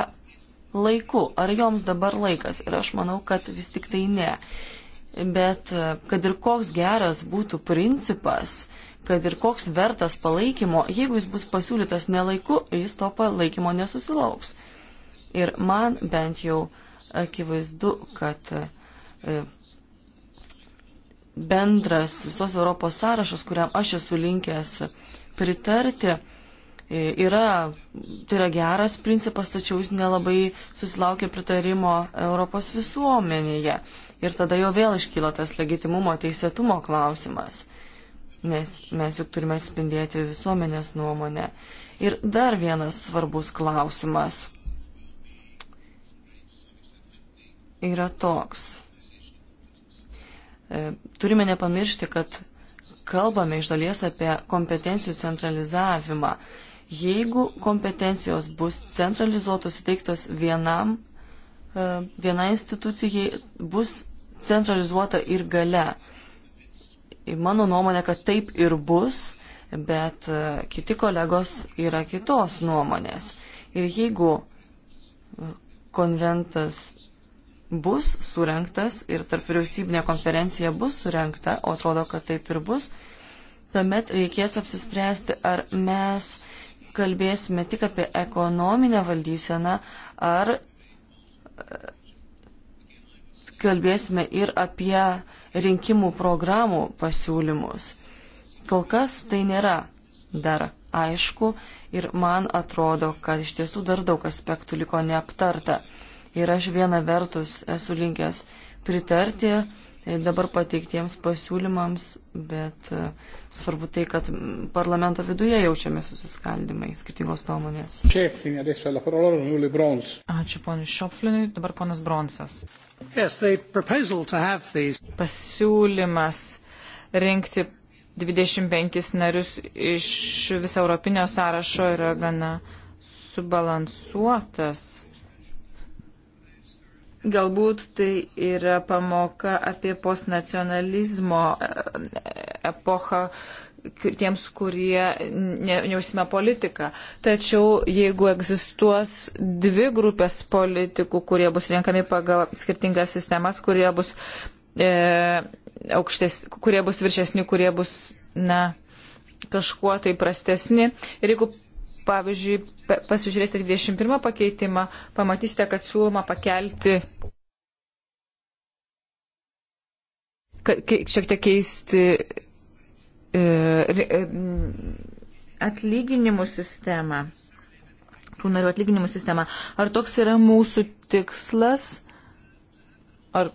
S3: laiku, ar joms dabar laikas. Ir aš manau, kad vis tik tai ne. Bet e, kad ir koks geras būtų principas, kad ir koks vertas palaikymo, jeigu jis bus pasiūlytas nelaiku, jis to palaikymo nesusilauks. Ir man bent jau akivaizdu, kad e, bendras visos Europos sąrašas, kuriam aš esu linkęs pritarti, e, yra, tai yra geras principas, tačiau jis nelabai susilaukia pritarimo Europos visuomenėje. Ir tada jau vėl iškyla tas legitimumo teisėtumo klausimas, nes mes juk turime spindėti visuomenės nuomonę. Ir dar vienas svarbus klausimas yra toks. E, turime nepamiršti, kad kalbame iš dalies apie kompetencijų centralizavimą. Jeigu kompetencijos bus centralizuotos suteiktos vienam, e, vienai institucijai, bus centralizuota ir gale. Mano nuomonė, kad taip ir bus, bet e, kiti kolegos yra kitos nuomonės. Ir jeigu konventas bus surinktas ir tarp vyriausybinė konferencija bus surinkta, o atrodo, kad taip ir bus, tuomet reikės apsispręsti, ar mes kalbėsime tik apie ekonominę valdyseną, ar e, kalbėsime ir apie rinkimų programų pasiūlymus. Kol kas tai nėra dar aišku ir man atrodo, kad iš tiesų dar daug aspektų liko neaptarta. Ir aš viena vertus esu linkęs pritarti e, dabar pateiktiems pasiūlymams, bet e, svarbu tai, kad parlamento viduje jaučiame susiskaldimai, skirtingos nuomonės.
S1: Ačiū ponui Šopflinui, dabar ponas Bronsas. Yes, Pasiūlymas rinkti 25 narius iš viso Europinio sąrašo yra gana subalansuotas Galbūt tai yra pamoka apie postnacionalizmo e, epochą tiems, kurie ne, neusime politiką. Tačiau jeigu egzistuos dvi grupės politikų, kurie bus renkami pagal skirtingas sistemas, kurie bus, e, aukštes, kurie bus viršesni, kurie bus na, kažkuo tai prastesni. Ir jeigu Pavyzdžiui, pasižiūrėsite 21 pakeitimą, pamatysite, kad siūloma pakelti, kad, šiek tiek keisti e, e, atlyginimų sistemą, tų narių atlyginimų sistemą. Ar toks yra mūsų tikslas? Ar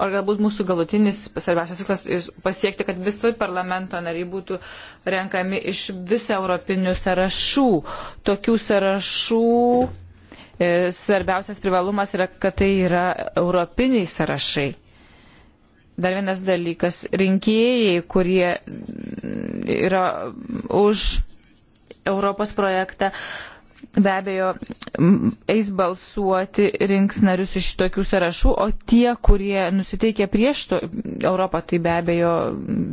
S1: ar galbūt mūsų galutinis svarbiausias tikslas pasiekti, kad visi parlamento nariai būtų renkami iš visų europinių sąrašų. Tokių sąrašų e, svarbiausias privalumas yra, kad tai yra europiniai sąrašai. Dar vienas dalykas - rinkėjai, kurie yra už Europos projektą, uh, be abejo eis balsuoti, rinks narius iš tokių sąrašų, o tie, kurie nusiteikia prieš to, Europą, tai be abejo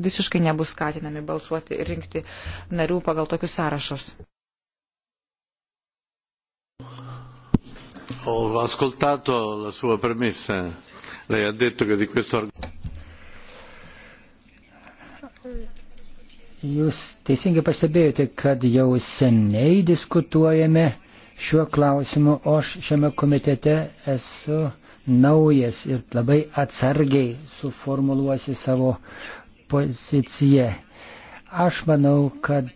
S1: visiškai nebus skatinami balsuoti ir rinkti narių pagal tokius sąrašus. Ho ascoltato la sua premessa. Lei ha detto che di questo argomento.
S2: Jūs teisingai pastebėjote, kad jau seniai diskutuojame šiuo klausimu, o aš šiame komitete esu naujas ir labai atsargiai suformuluosi savo poziciją. Aš manau, kad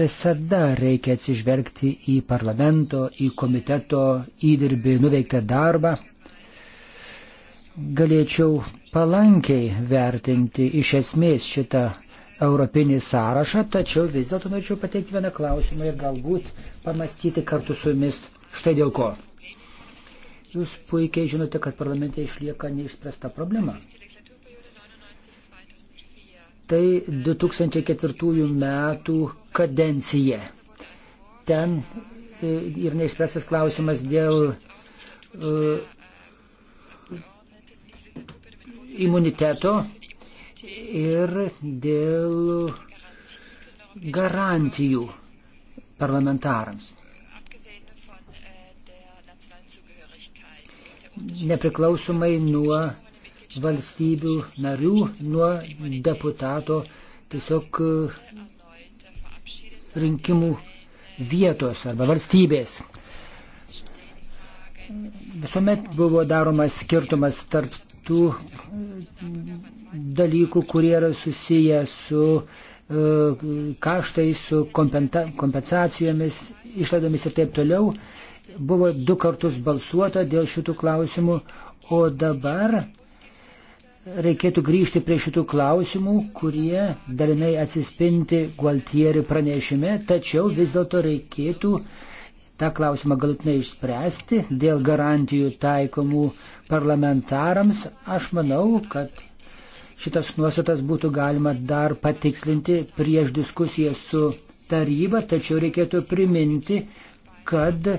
S2: visada reikia atsižvelgti į parlamento, į komiteto įdirbį nuveiktą darbą. Galėčiau palankiai vertinti iš esmės šitą europinį sąrašą, tačiau vis dėlto norėčiau pateikti vieną klausimą ir galbūt pamastyti kartu su jumis štai dėl ko. Jūs puikiai žinote, kad parlamente išlieka neišspręsta problema. Tai 2004 metų kadencija. Ten e, ir neišspręstas klausimas dėl uh, imuniteto ir dėl garantijų parlamentarams. Nepriklausomai nuo valstybių narių, nuo deputato tiesiog rinkimų vietos arba valstybės. Visuomet buvo daromas skirtumas tarp tų dalykų, kurie yra susiję su e, kaštai, su kompensacijomis, išlaidomis ir taip toliau. Buvo du kartus balsuota dėl šitų klausimų, o dabar reikėtų grįžti prie šitų klausimų, kurie dalinai atsispinti Gualtieri pranešime, tačiau vis dėlto reikėtų uh, tą klausimą galutinai išspręsti dėl garantijų taikomų parlamentarams, aš manau, kad šitas nuostatas būtų galima dar patikslinti prieš diskusiją su taryba, tačiau reikėtų priminti, kad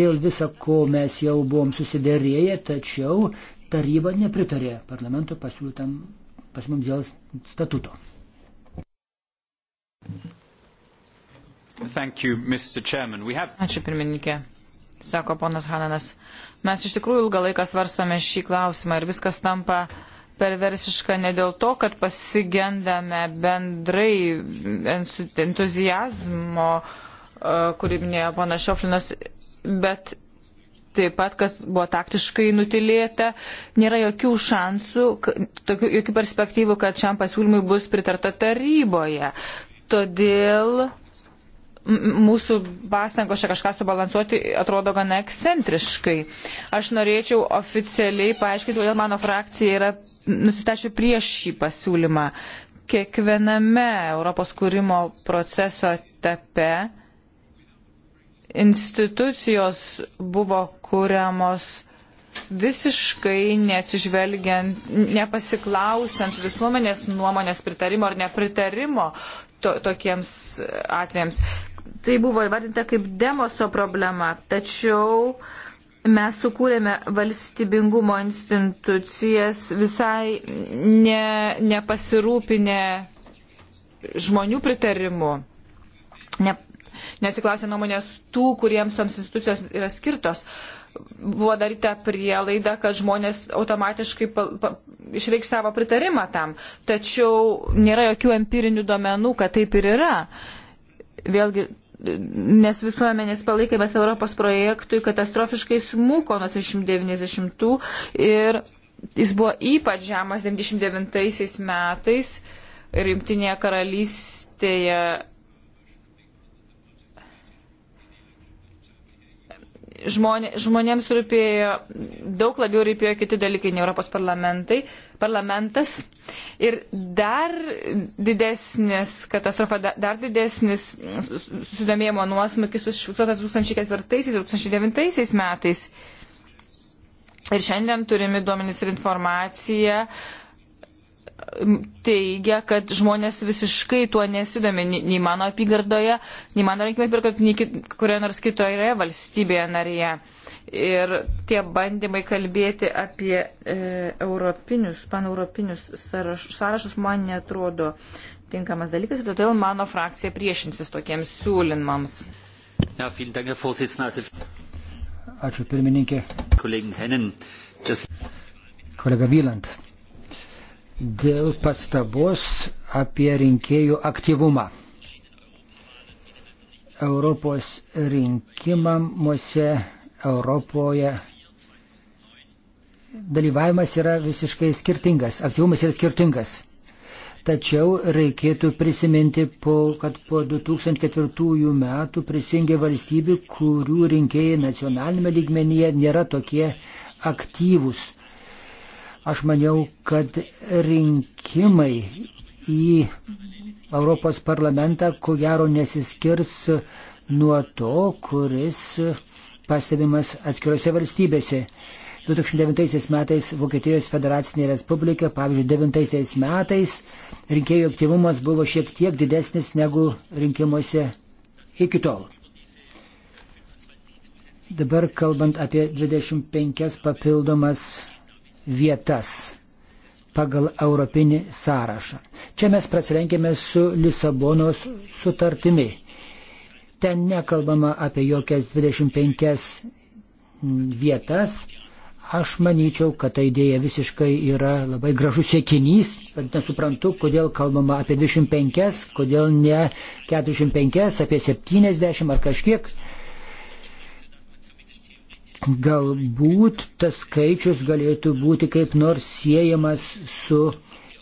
S2: dėl visa ko mes jau buvom susidėrėję, tačiau taryba nepritarė parlamento pasiūlytam pasimams dėl
S1: statuto. You, We have... Ačiū pirmininkė, sako ponas Hananas. Mes iš tikrųjų ilgą laiką svarstame šį klausimą ir viskas tampa perversiška ne dėl to, kad pasigendame bendrai entuzijazmo, e, kurį minėjo ponas Šoflinas, bet taip pat, kas buvo taktiškai nutilėta, nėra jokių šansų, tokių, jokių perspektyvų, kad šiam pasiūlymui bus pritarta taryboje. Todėl mūsų pastangos čia kažką subalansuoti atrodo gana ekscentriškai. Aš norėčiau oficialiai paaiškinti, kodėl mano frakcija yra nusitačiu prieš šį pasiūlymą. Kiekviename Europos kūrimo proceso etape institucijos buvo kuriamos visiškai neatsižvelgiant, nepasiklausiant visuomenės nuomonės pritarimo ar nepritarimo to, tokiems atvejams. Tai buvo įvardinta kaip demoso problema, tačiau mes sukūrėme valstybingumo institucijas visai ne, nepasirūpinę žmonių pritarimu, ne, neatsiklausę nuomonės tų, kuriems toms institucijos yra skirtos. Uh, buvo daryta prielaida, kad žmonės automatiškai pa, pa, išreikš savo pritarimą tam. Tačiau nėra jokių empirinių duomenų, kad taip ir yra. Vėlgi, nes visuomenės palaikymas Europos projektui katastrofiškai smuko nuo 1990 ir jis buvo ypač žemas 1999 metais ir Junktinėje karalystėje žmonė, žmonėms rūpėjo, daug labiau rūpėjo kiti dalykai nei Europos parlamentas. Ir dar didesnis katastrofa, dar didesnis susidomėjimo nuosmukis užfiksuotas 2004-2009 metais. Ir šiandien turimi duomenys ir informacija, uh, teigia, kad žmonės visiškai tuo nesidomi nei mano apygardoje, nei mano rinkimai, bet kad nei kurioje nors kitoje valstybėje narėje. Ir tie bandymai kalbėti apie e, europinius, paneuropinius sąrašus, sąrašus man netrodo tinkamas dalykas ir todėl mano frakcija priešinsis tokiems siūlinmams.
S2: Ja, Ačiū pirmininkė. Kolega Vyland dėl pastabos apie rinkėjų aktyvumą. Europos rinkimamuose Europoje dalyvavimas yra visiškai skirtingas, aktyvumas yra skirtingas. Tačiau reikėtų prisiminti, po, kad po 2004 metų prisijungė valstybių, kurių rinkėjai nacionalinėme lygmenyje nėra tokie aktyvūs. Aš maniau, kad rinkimai į Europos parlamentą ko gero nesiskirs nuo to, kuris pastebimas atskirose valstybėse. 2009 metais Vokietijos federacinė respublika, pavyzdžiui, 2009 metais rinkėjų aktyvumas buvo šiek tiek didesnis negu rinkimuose iki tol. Dabar kalbant apie 25 papildomas vietas pagal europinį sąrašą. Čia mes prasilenkėme su Lisabonos sutartimi. Ten nekalbama apie jokias 25 vietas. Aš manyčiau, kad ta idėja visiškai yra labai gražus siekinys, bet nesuprantu, kodėl kalbama apie 25, kodėl ne 45, apie 70 ar kažkiek. Galbūt tas skaičius galėtų būti kaip nors siejamas su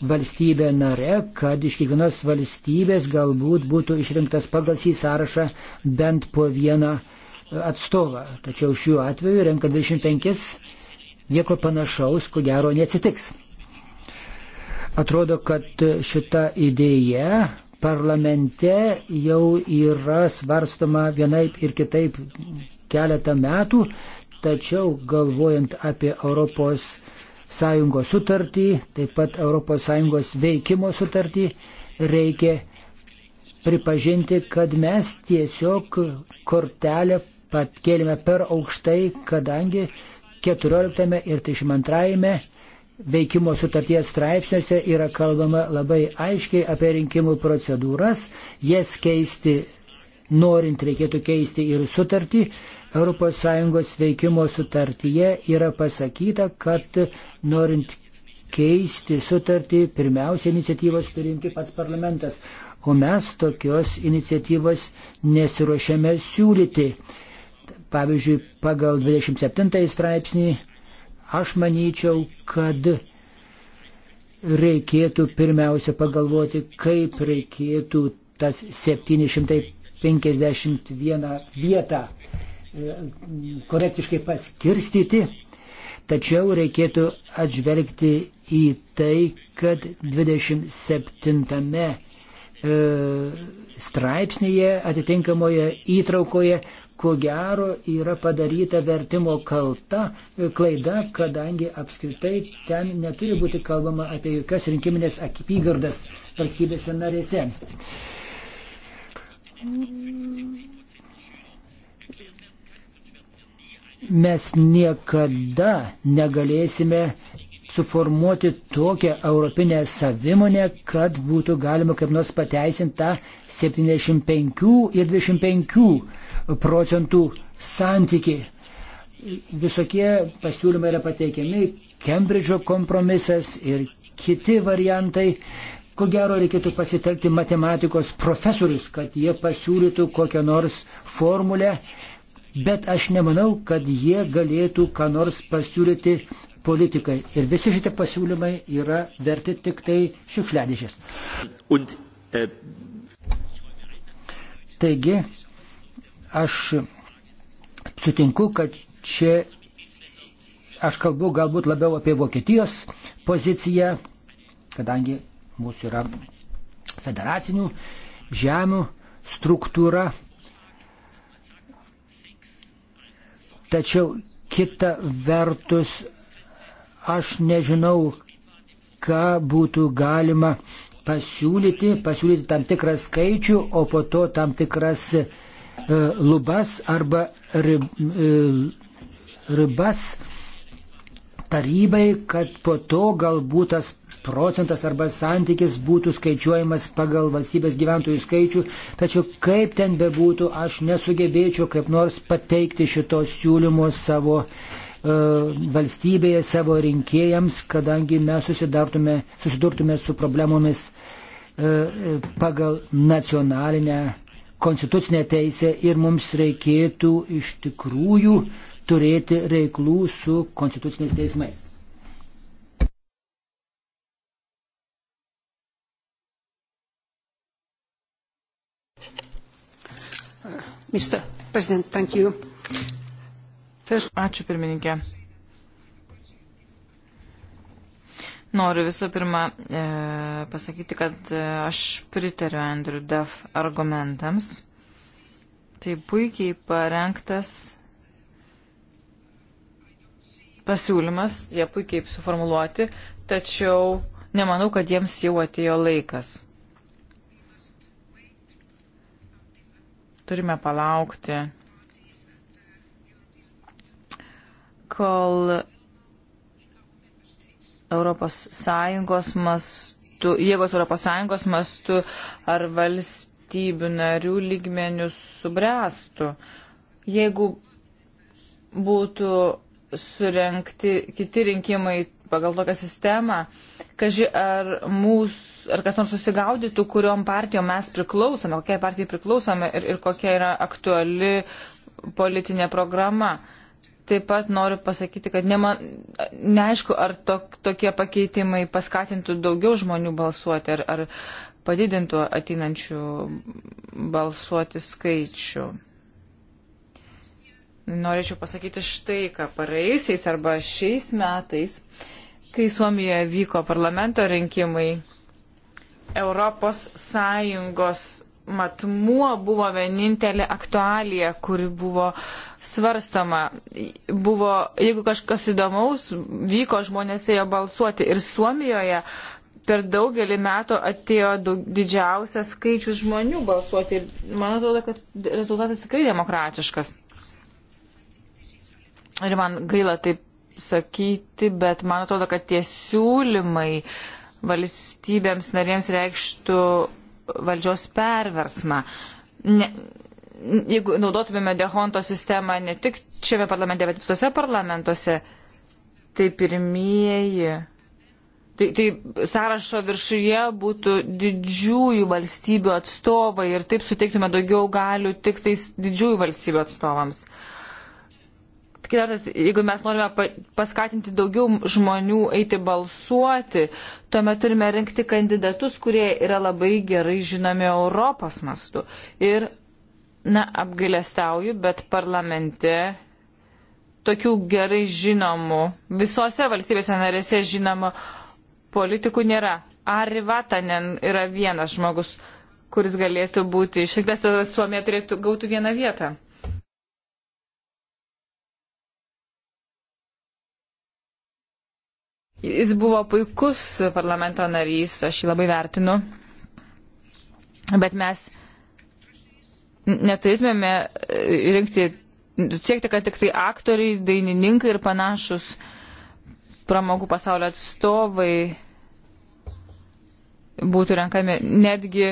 S2: valstybė nare, kad iš kiekvienos valstybės galbūt būtų išrinktas pagal šį sąrašą bent po vieną atstovą. Tačiau šiuo atveju renka 25 nieko panašaus, ko gero, neatsitiks. Atrodo, kad šita idėja parlamente jau yra svarstoma vienaip ir kitaip keletą metų, Tačiau galvojant apie Europos Sąjungos sutartį, taip pat ES veikimo sutartį, reikia pripažinti, kad mes tiesiog kortelę pat kėlėme per aukštai, kadangi 14 ir 32 veikimo sutarties straipsniuose yra kalbama labai aiškiai apie rinkimų procedūras, jas keisti norint reikėtų keisti ir sutartį, ES veikimo sutartyje yra pasakyta, kad norint keisti sutartį, pirmiausia iniciatyvos turi imti pats parlamentas, o mes tokios iniciatyvos nesiuošiame siūlyti. Pavyzdžiui, pagal 27 straipsnį aš manyčiau, kad reikėtų pirmiausia pagalvoti, kaip reikėtų tas 751 vietą korektiškai paskirstyti, tačiau reikėtų atžvelgti į tai, kad 27 e, straipsnėje atitinkamoje įtraukoje ko gero yra padaryta vertimo kalta, e, klaida, kadangi apskritai ten neturi būti kalbama apie jokias rinkiminės apygardas valstybėse narėse. mes niekada negalėsime suformuoti tokią europinę savimonę, kad būtų galima kaip nors pateisinti tą 75 ir 25 procentų santyki. Visokie pasiūlymai yra pateikiami, Kembridžo kompromisas ir kiti variantai. Ko gero reikėtų pasitelkti matematikos profesorius, kad jie pasiūlytų kokią nors formulę, bet aš nemanau, kad jie galėtų ką nors pasiūlyti politikai. Ir visi šitie pasiūlymai yra verti tik tai šiukšliadėžės. E... Taigi, aš sutinku, kad čia aš kalbu galbūt labiau apie Vokietijos poziciją, kadangi mūsų yra federacinių žemių struktūra Tačiau kita vertus, aš nežinau, ką būtų galima pasiūlyti, pasiūlyti tam tikrą skaičių, o po to tam tikras e, lubas arba rib, e, ribas tarybai, kad po to galbūt tas procentas arba santykis būtų skaičiuojamas pagal valstybės gyventojų skaičių, tačiau kaip ten bebūtų, aš nesugebėčiau kaip nors pateikti šitos siūlymo savo e, valstybėje, savo rinkėjams, kadangi mes susidurtume su problemomis e, pagal nacionalinę konstitucinę teisę ir mums reikėtų iš tikrųjų turėti reiklų su konstituciniais teismais.
S1: Mr. President, thank you. First... Ačiū pirmininkė. Noriu visų pirma e, pasakyti, kad e, aš pritariu Andrew Duff argumentams. Tai puikiai parengtas pasiūlymas, jie puikiai suformuluoti, tačiau nemanau, kad jiems jau atėjo laikas. Turime palaukti, kol Europos Sąjungos mastu, jėgos Europos Sąjungos mastu ar valstybių narių lygmenių subręstų. Jeigu būtų surenkti kiti rinkimai pagal tokią sistemą, kaži ar mūsų, ar kas nors susigaudytų, kuriuom partijom mes priklausome, kokiai partijai priklausome ir, ir kokia yra aktuali politinė programa. Taip pat noriu pasakyti, kad nema, neaišku, ar to, tokie pakeitimai paskatintų daugiau žmonių balsuoti, ar, ar padidintų ateinančių balsuoti skaičių. Norėčiau pasakyti štai, ką paraisiais arba šiais metais Kai Suomijoje vyko parlamento rinkimai, Europos Sąjungos matmuo buvo vienintelė aktualija, kuri buvo svarstama. Buvo, jeigu kažkas įdomaus, vyko žmonės ėjo balsuoti ir Suomijoje per daugelį metų atėjo daug, didžiausias skaičius žmonių balsuoti. Ir man atrodo, kad rezultatas tikrai demokratiškas. Ir man gaila taip sakyti, bet man atrodo, kad tie siūlymai valstybėms narėms reikštų valdžios perversmą. Ne, jeigu naudotumėme Dehonto sistemą ne tik šiame parlamente, bet visose parlamentuose, tai pirmieji. Tai, tai sąrašo viršuje būtų didžiųjų valstybių atstovai ir taip suteiktume daugiau galių tik tais didžiųjų valstybių atstovams. Kitas, jeigu mes norime paskatinti daugiau žmonių eiti balsuoti, tuomet turime rinkti kandidatus, kurie yra labai gerai žinomi Europos mastu. Ir, na, apgailestauju, bet parlamente tokių gerai žinomų, visose valstybėse narėse žinomų politikų nėra. Ari Vatanen yra vienas žmogus, kuris galėtų būti išrinktas, tad Suomija turėtų gauti vieną vietą. Jis buvo puikus parlamento narys, aš jį labai vertinu, bet mes neturėtumėme e, rinkti, siekti, kad tik tai aktoriai, dainininkai ir panašus pramogų pasaulio atstovai būtų renkami netgi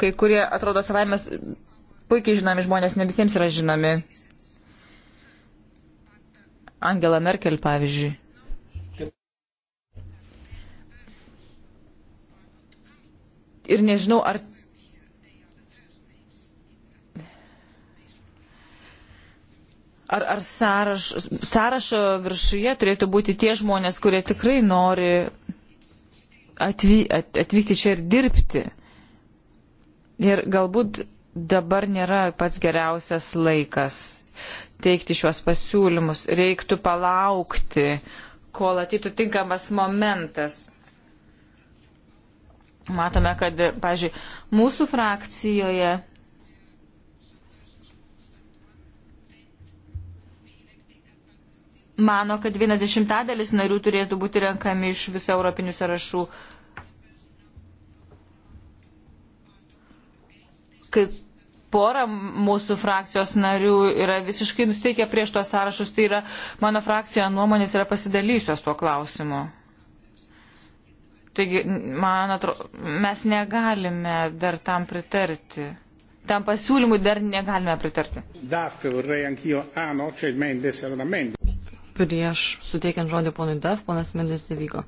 S1: kai kurie atrodo savaime puikiai žinomi žmonės, ne visiems yra žinomi. Angela Merkel, pavyzdžiui. Ir nežinau, ar. Ar, ar sąraš, sąrašo viršuje turėtų būti tie žmonės, kurie tikrai nori atvy, at, atvykti čia ir dirbti. Ir galbūt dabar nėra pats geriausias laikas teikti šiuos pasiūlymus. Reiktų palaukti, kol ateitų tinkamas momentas. Matome, kad, pažiūrėjau, mūsų frakcijoje mano, kad vienas dešimtadalis narių turėtų būti renkami iš visų europinių sąrašų. Kai pora mūsų frakcijos narių yra visiškai nusteikę prieš tuos sąrašus, tai yra mano frakcija nuomonės yra pasidalysios tuo klausimu. Taigi, man atrodo, mes negalime dar tam pritarti.
S3: Tam pasiūlymui dar negalime pritarti.
S2: Ah,
S3: prieš suteikiant žodį ponui DAF, ponas Mendes Devygo.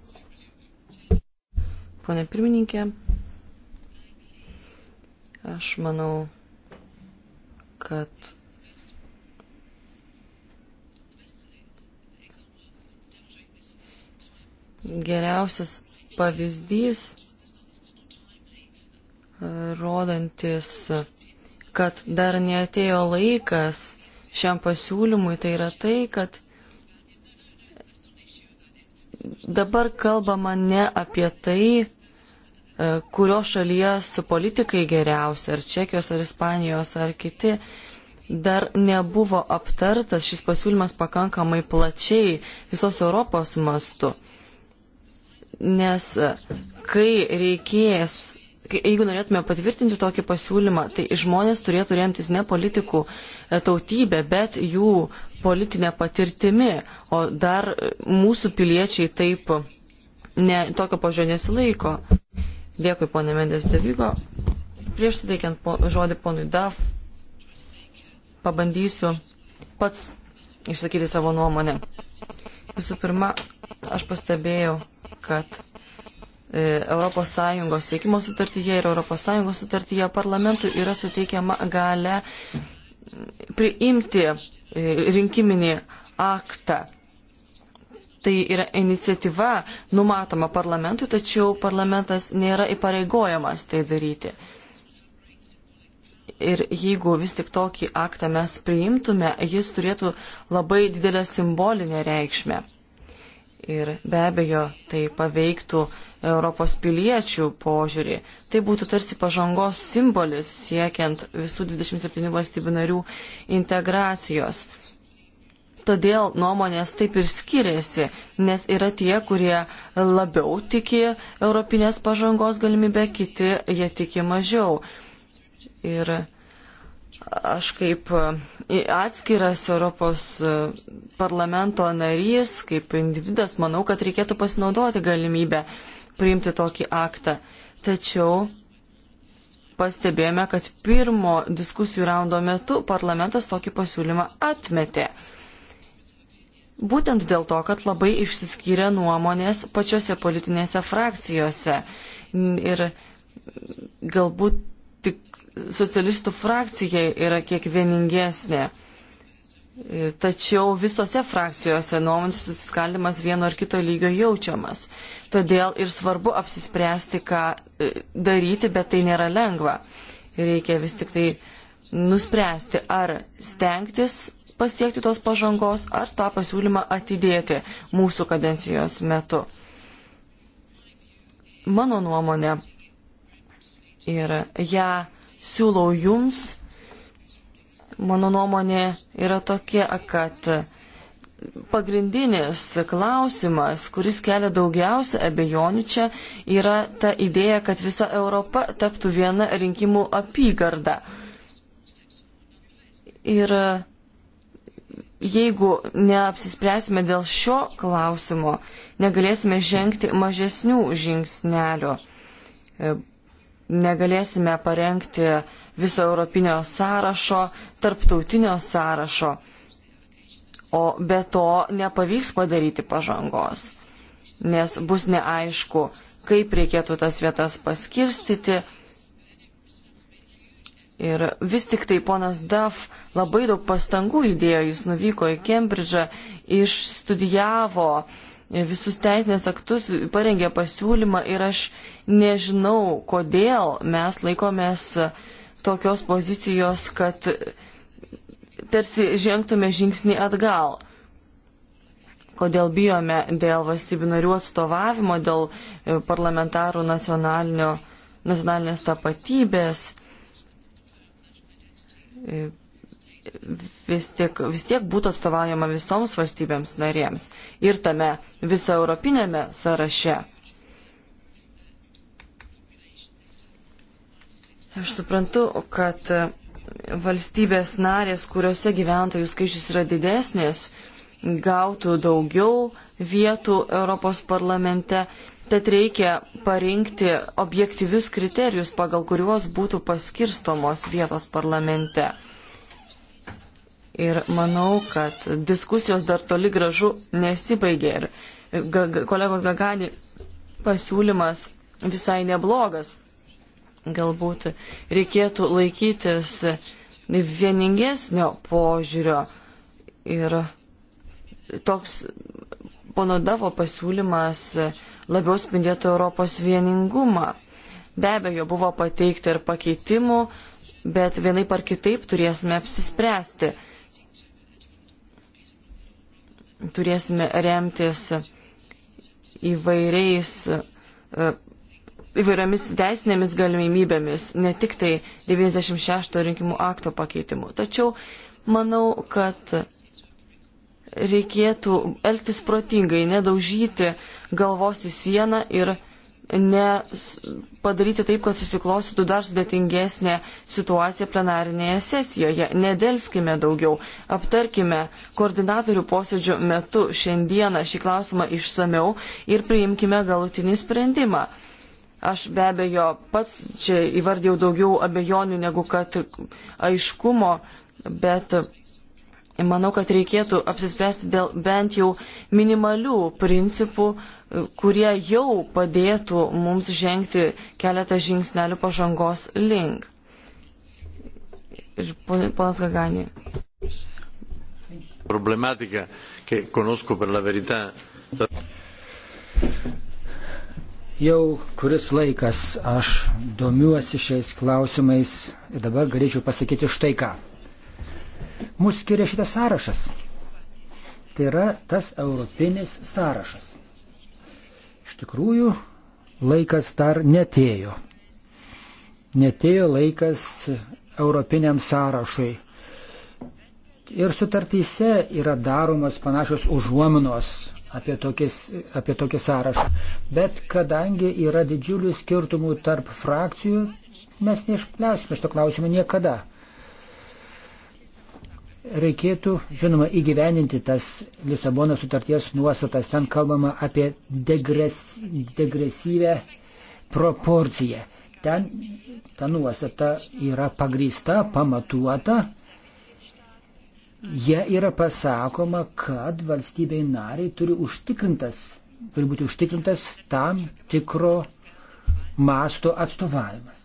S3: Pone pirmininkė, aš manau, kad geriausias pavyzdys e, rodantis, kad dar neatėjo laikas šiam pasiūlymui, tai yra tai, kad dabar kalbama ne apie tai, E, kurio šalies politikai geriausi, ar Čekijos, ar Ispanijos, ar kiti, dar nebuvo aptartas šis pasiūlymas pakankamai plačiai visos Europos mastu. Nes e, kai reikės, kai, jeigu norėtume patvirtinti tokį pasiūlymą, tai žmonės turėtų remtis ne politikų e, tautybė, bet jų politinė patirtimi, o dar mūsų piliečiai taip ne, tokio požiūrio nesilaiko. Dėkui, ponė Mendes Devygo. Prieš suteikiant po, žodį ponui DAF, pabandysiu pats išsakyti savo nuomonę. Visų pirma, aš pastebėjau, kad ES veikimo sutartyje ir ES sutartyje parlamentui yra suteikiama gale priimti e, rinkiminį aktą tai yra iniciatyva numatoma parlamentui, tačiau parlamentas nėra įpareigojamas tai daryti. Ir jeigu vis tik tokį aktą mes priimtume, jis turėtų labai didelę simbolinę reikšmę. Ir be abejo, tai paveiktų Europos piliečių požiūrį. Tai būtų tarsi pažangos simbolis siekiant visų 27 valstybių narių integracijos. Todėl nuomonės taip ir skiriasi, nes yra tie, kurie labiau tiki europinės pažangos galimybę, kiti jie tiki mažiau. Ir aš kaip atskiras Europos parlamento narys, kaip individas, manau, kad reikėtų pasinaudoti galimybę priimti tokį aktą. Tačiau pastebėjome, kad pirmo diskusijų raundo metu parlamentas tokį pasiūlymą atmetė. Būtent dėl to, kad labai išsiskyrė nuomonės pačiose politinėse frakcijose. Ir galbūt tik socialistų frakcija yra kiek vieningesnė. Tačiau visose frakcijose nuomonės susiskaldimas vieno ar kito lygio jaučiamas. Todėl ir svarbu apsispręsti, ką e, daryti, bet tai nėra lengva. Reikia vis tik tai nuspręsti, ar stengtis pasiekti tos pažangos ar tą pasiūlymą atidėti mūsų kadencijos metu. Mano nuomonė ir ją siūlau jums, mano nuomonė yra tokia, kad pagrindinis klausimas, kuris kelia daugiausia abejonių čia, yra ta idėja, kad visa Europa taptų viena rinkimų apygarda. Ir jeigu neapsispręsime dėl šio klausimo, negalėsime žengti mažesnių žingsnelių, e, negalėsime parengti viso europinio sąrašo, tarptautinio sąrašo, o be to nepavyks padaryti pažangos, nes bus neaišku, kaip reikėtų tas vietas paskirstyti Ir vis tik tai ponas Daf labai daug pastangų įdėjo, jis nuvyko į Kembridžą, išstudijavo visus teisinės aktus, parengė pasiūlymą ir aš nežinau, kodėl mes laikomės tokios pozicijos, kad tarsi žengtume žingsnį atgal. Kodėl bijome dėl valstybių narių atstovavimo, dėl e, parlamentarų nacionalinės tapatybės vis tiek, vis tiek būtų atstovaujama visoms valstybėms narėms ir tame visą europinėme sąraše. Aš suprantu, kad valstybės narės, kuriuose gyventojų skaičius yra didesnis, gautų daugiau vietų Europos parlamente Tad reikia parinkti objektyvius kriterijus, pagal kuriuos būtų paskirstomos vietos parlamente. Ir manau, kad diskusijos dar toli gražu nesibaigė. Ir kolegos Gagani pasiūlymas visai neblogas. Galbūt reikėtų laikytis vieningesnio požiūrio. Ir toks pono Davo pasiūlymas labiau spindėtų Europos vieningumą. Be abejo, buvo pateikti ir pakeitimų, bet vienaip ar kitaip turėsime apsispręsti. Turėsime remtis įvairiais, e, įvairiomis teisinėmis galimybėmis, ne tik tai 96 rinkimų akto pakeitimu. Tačiau manau, kad reikėtų elgtis protingai, nedaužyti galvos į sieną ir nepadaryti taip, kad susiklostytų dar sudėtingesnė situacija plenarinėje sesijoje. Nedelskime daugiau, aptarkime koordinatorių posėdžio metu šiandieną šį klausimą išsameu ir priimkime galutinį sprendimą. Aš be abejo pats čia įvardėjau daugiau abejonių negu kad aiškumo, bet Manau, kad reikėtų apsispręsti dėl bent jau minimalių principų, kurie jau padėtų mums žengti keletą žingsnelių pažangos link. Ir ponas Gaganė.
S1: Problematika,
S3: kai konosku per la veritą. Jau
S2: kuris laikas aš domiuosi šiais klausimais ir dabar galėčiau pasakyti štai ką mus skiria šitas sąrašas. Tai yra tas europinis sąrašas. Iš tikrųjų, laikas dar netėjo. Netėjo laikas europiniam sąrašui. Ir sutartyse yra daromos panašios užuominos apie tokį, apie tokį sąrašą. Bet kadangi yra didžiulių skirtumų tarp frakcijų, mes neišklausime šito klausimo niekada. Reikėtų, žinoma, įgyveninti tas Lisabono sutarties nuostatas. Ten kalbama apie degres, degresyvę proporciją. Ten ta nuostata yra pagrįsta, pamatuota. Jie yra pasakoma, kad valstybei nariai turi, turi būti užtikrintas tam tikro masto atstovavimas.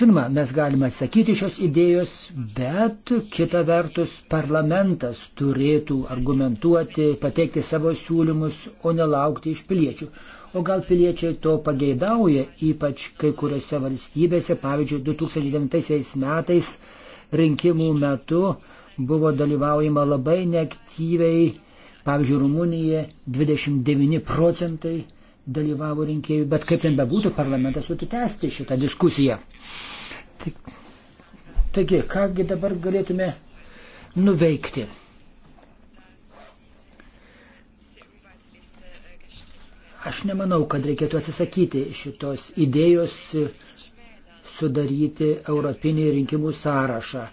S2: Žinoma, mes galime atsakyti šios idėjos, bet kita vertus parlamentas turėtų argumentuoti, pateikti savo siūlymus, o nelaukti iš piliečių. O gal piliečiai to pageidauja, ypač kai kuriuose valstybėse, pavyzdžiui, 2009 metais rinkimų metu buvo dalyvaujama labai neaktyviai, pavyzdžiui, Rumunija 29 procentai dalyvavo rinkėjų, bet kaip ten bebūtų, parlamentas turi tęsti šitą diskusiją. Taigi, kągi dabar galėtume nuveikti? Aš nemanau, kad reikėtų atsisakyti šitos idėjos sudaryti europinį rinkimų sąrašą.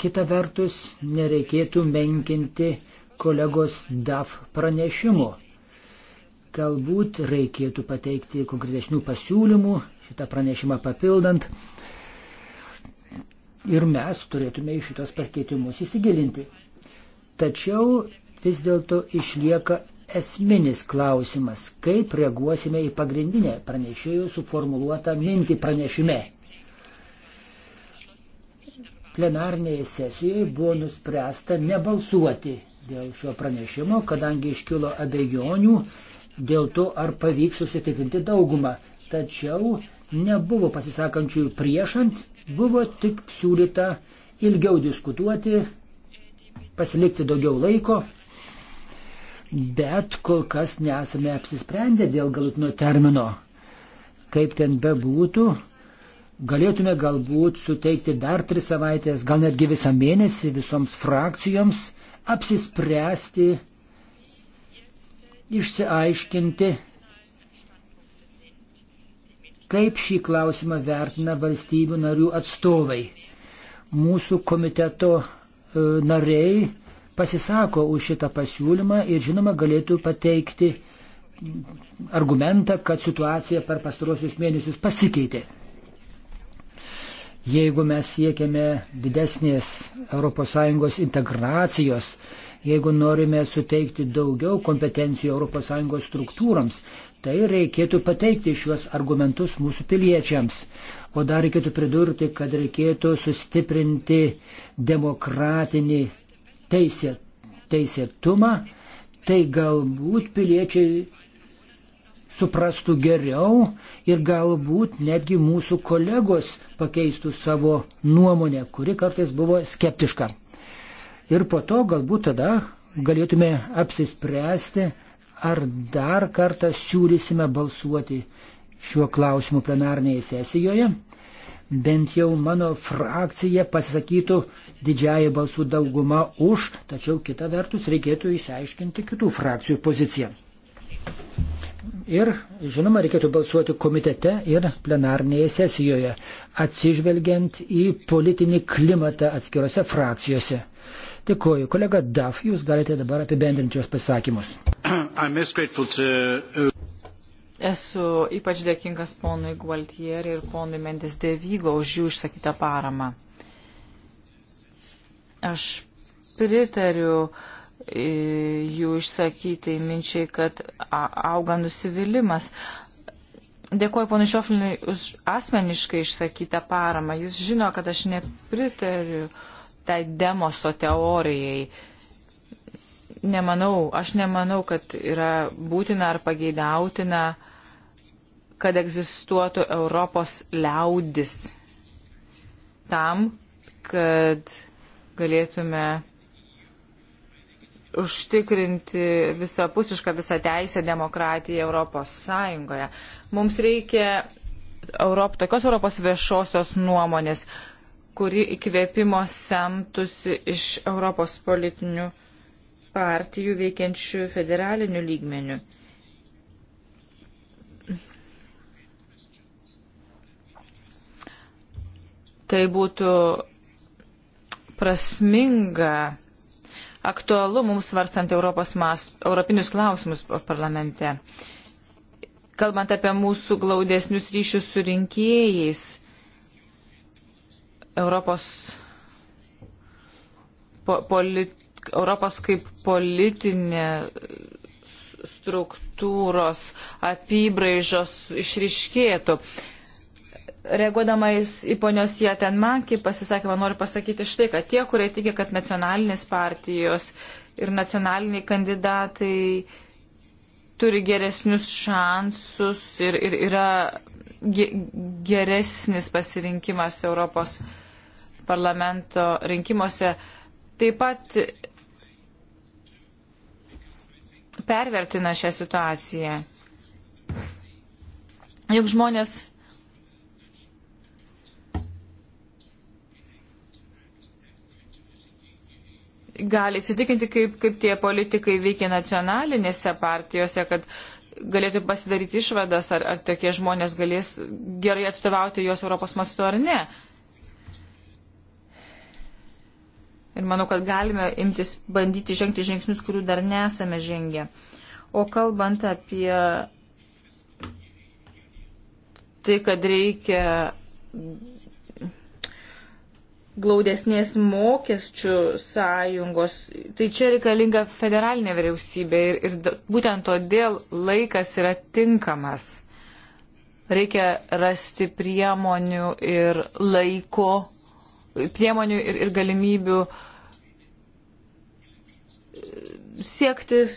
S2: Kita vertus, nereikėtų menkinti kolegos DAF pranešimu. Galbūt reikėtų pateikti konkretesnių pasiūlymų, šitą pranešimą papildant. Ir mes turėtume į šitos pakeitimus įsigilinti. Tačiau vis dėlto išlieka esminis klausimas, kaip reaguosime į pagrindinę pranešėjų suformuluotą mintį pranešime. Plenarnėje sesijoje buvo nuspręsta nebalsuoti dėl šio pranešimo, kadangi iškilo abejonių dėl to, ar pavyks susitikrinti daugumą. Tačiau nebuvo pasisakančiųjų priešant, buvo tik siūlyta ilgiau diskutuoti, pasilikti daugiau laiko, bet kol kas nesame apsisprendę dėl galutinio termino. Kaip ten bebūtų, galėtume galbūt suteikti dar tris savaitės, gal netgi visą mėnesį visoms frakcijoms apsispręsti išsiaiškinti, kaip šį klausimą vertina valstybių narių atstovai. Mūsų komiteto e, nariai pasisako už šitą pasiūlymą ir žinoma galėtų pateikti argumentą, kad situacija per pastarosius mėnesius pasikeitė. Jeigu mes siekiame didesnės ES integracijos, Jeigu norime suteikti daugiau kompetencijų ES struktūrams, tai reikėtų pateikti šiuos argumentus mūsų piliečiams. O dar reikėtų pridurti, kad reikėtų sustiprinti demokratinį teisė, teisėtumą, tai galbūt piliečiai suprastų geriau ir galbūt netgi mūsų kolegos pakeistų savo nuomonę, kuri kartais buvo skeptiška ir po to galbūt tada galėtume apsispręsti, ar dar kartą siūlysime balsuoti šiuo klausimu plenarnėje sesijoje. Bent jau mano frakcija pasisakytų didžiąją balsų daugumą už, tačiau kita vertus reikėtų įsiaiškinti kitų frakcijų poziciją. Ir, žinoma, reikėtų balsuoti komitete ir plenarnėje sesijoje, atsižvelgiant į politinį klimatą atskirose frakcijose. Dėkuoju. Kolega Daf, jūs galite dabar apibendrinti jos pasakymus. Uh,
S1: Esu ypač dėkingas ponui Gualtieri ir ponui Mendes Devygo už jų išsakytą paramą. Aš pritariu e, jų išsakytai minčiai, kad auga nusivylimas. Dėkuoju ponui Šioflinui už asmeniškai išsakytą paramą. Jis žino, kad aš nepritariu uh, tai demoso teorijai. Nemanau, aš nemanau, kad yra būtina ar pageidautina, kad egzistuotų Europos liaudis tam, kad galėtume užtikrinti visapusišką visą teisę demokratiją Europos Sąjungoje. Mums reikia Europ, tokios Europos viešosios nuomonės, kuri įkvėpimo semtusi iš Europos politinių partijų veikiančių federalinių lygmenių. Tai būtų prasminga, aktualu mums svarstant Europos mas, europinius klausimus parlamente. Kalbant apie mūsų glaudesnius ryšius su rinkėjais, Europos, po, polit, Europos kaip politinė struktūros apibraižos išriškėtų. Reaguodama į ponios Jatenmankį pasisakymą noriu pasakyti štai, kad tie, kurie tiki, kad nacionalinės partijos ir nacionaliniai kandidatai turi geresnius šansus ir, ir yra geresnis pasirinkimas Europos parlamento rinkimuose taip pat pervertina šią situaciją. Juk žmonės gali įsitikinti, kaip, kaip tie politikai veikia nacionalinėse partijose, kad galėtų pasidaryti išvadas, ar, ar tokie žmonės galės gerai atstovauti juos Europos mastu ar ne. Uh, Ir manau, kad galime imtis bandyti žengti žingsnius, kurių dar nesame žengę. O kalbant apie tai, kad reikia glaudesnės mokesčių sąjungos, tai čia reikalinga federalinė vyriausybė ir, ir būtent todėl laikas yra tinkamas. Reikia rasti priemonių ir laiko, priemonių ir, ir galimybių uh, siekti e,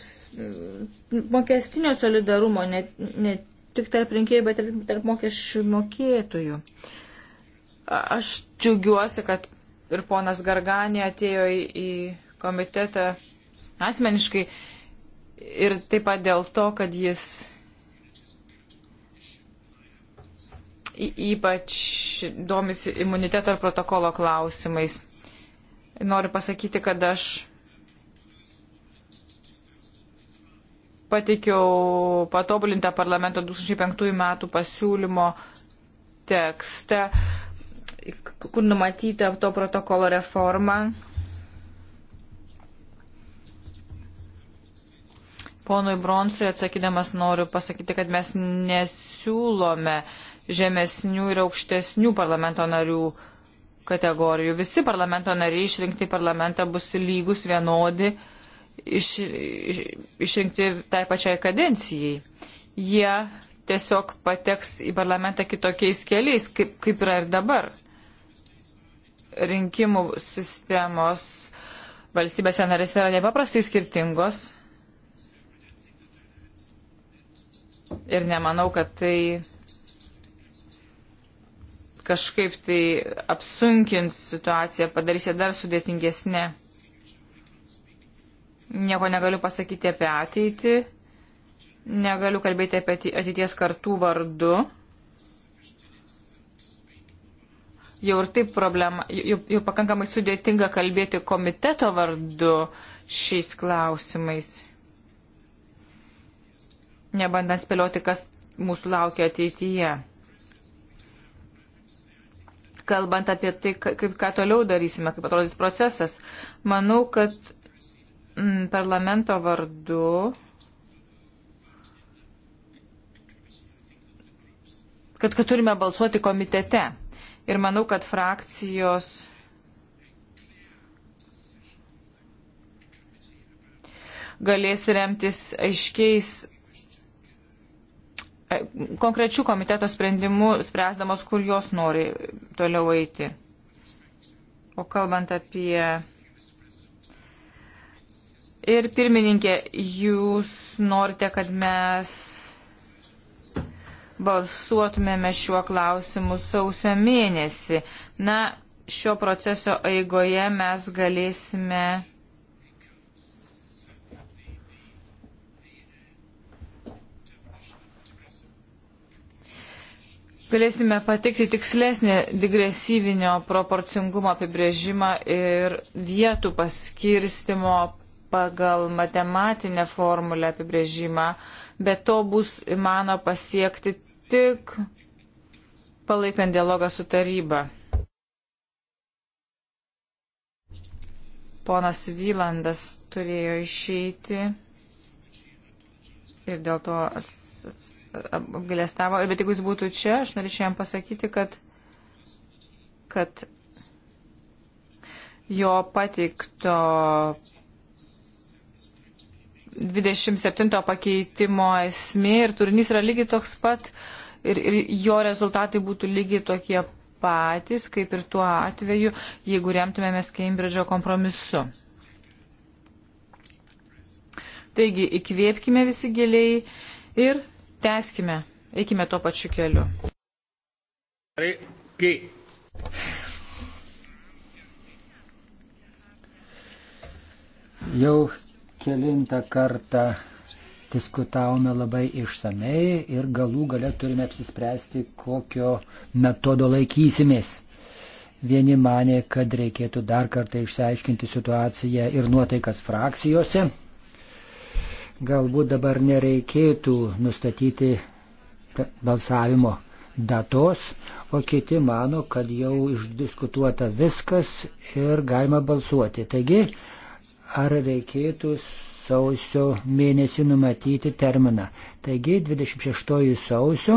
S1: mokestinio solidarumo ne, ne tik tarp rinkėjų, bet ir tarp mokesčių mokėtojų. Aš džiaugiuosi, kad ir ponas Garganė atėjo į komitetą asmeniškai ir taip pat dėl to, kad jis ypač domisi imuniteto ir protokolo klausimais. Noriu pasakyti, kad aš pateikiau patobulintą parlamento 2005 metų pasiūlymo tekstą, kur numatyta to protokolo reforma. Ponui Bronsui atsakydamas noriu pasakyti, kad mes nesiūlome žemesnių ir aukštesnių parlamento narių kategorijų. Visi parlamento nariai išrinkti parlamentą bus lygus, vienodi iš, iš, išrinkti tai pačiai kadencijai. Jie tiesiog pateks į parlamentą kitokiais keliais, kaip, kaip yra ir dabar. Rinkimų sistemos valstybėse narėse yra nepaprastai skirtingos. Ir nemanau, kad tai kažkaip tai apsunkins situaciją, padarys ją dar sudėtingesnė nieko negaliu pasakyti apie ateitį, negaliu kalbėti apie ateities kartų vardu. Jau ir taip problema, jau, jau pakankamai sudėtinga kalbėti komiteto vardu šiais klausimais. Nebandant spėlioti, kas mūsų laukia ateityje. Kalbant apie tai, kaip ką toliau darysime, kaip atrodys procesas, manau, kad Mm, parlamento vardu, kad, kad turime balsuoti komitete. Ir manau, kad frakcijos. galės remtis aiškiais e, konkrečių komiteto sprendimų, spręsdamos, kur jos nori toliau eiti. O kalbant apie Ir pirmininkė, jūs norite, kad mes balsuotumėme šiuo klausimu sausio mėnesį. Na, šio proceso eigoje mes galėsime. Galėsime patikti tikslesnį digresyvinio proporcingumo apibrėžimą ir vietų paskirstimo pagal matematinę formulę apibrėžimą, bet to bus įmano pasiekti tik palaikant dialogą su taryba. Ponas Vylandas turėjo išeiti ir dėl to apgalėstavo. Bet jeigu jis būtų čia, aš norėčiau jam pasakyti, kad, kad jo pateikto 27 pakeitimo esmė ir turinys yra lygiai toks pat ir, ir jo rezultatai būtų lygiai tokie patys, kaip ir tuo atveju, jeigu remtumėmės Cambridge'o kompromisu. Taigi, įkvėpkime visi giliai ir tęskime, eikime tuo pačiu keliu. Jau
S2: kelintą kartą diskutavome labai išsamei ir galų gale turime apsispręsti, kokio metodo laikysimės. Vieni mane, kad reikėtų dar kartą išsiaiškinti situaciją ir nuotaikas frakcijose. Galbūt dabar nereikėtų nustatyti balsavimo datos, o kiti mano, kad jau išdiskutuota viskas ir galima balsuoti. Taigi, ar reikėtų sausio mėnesį numatyti terminą. Taigi 26 sausio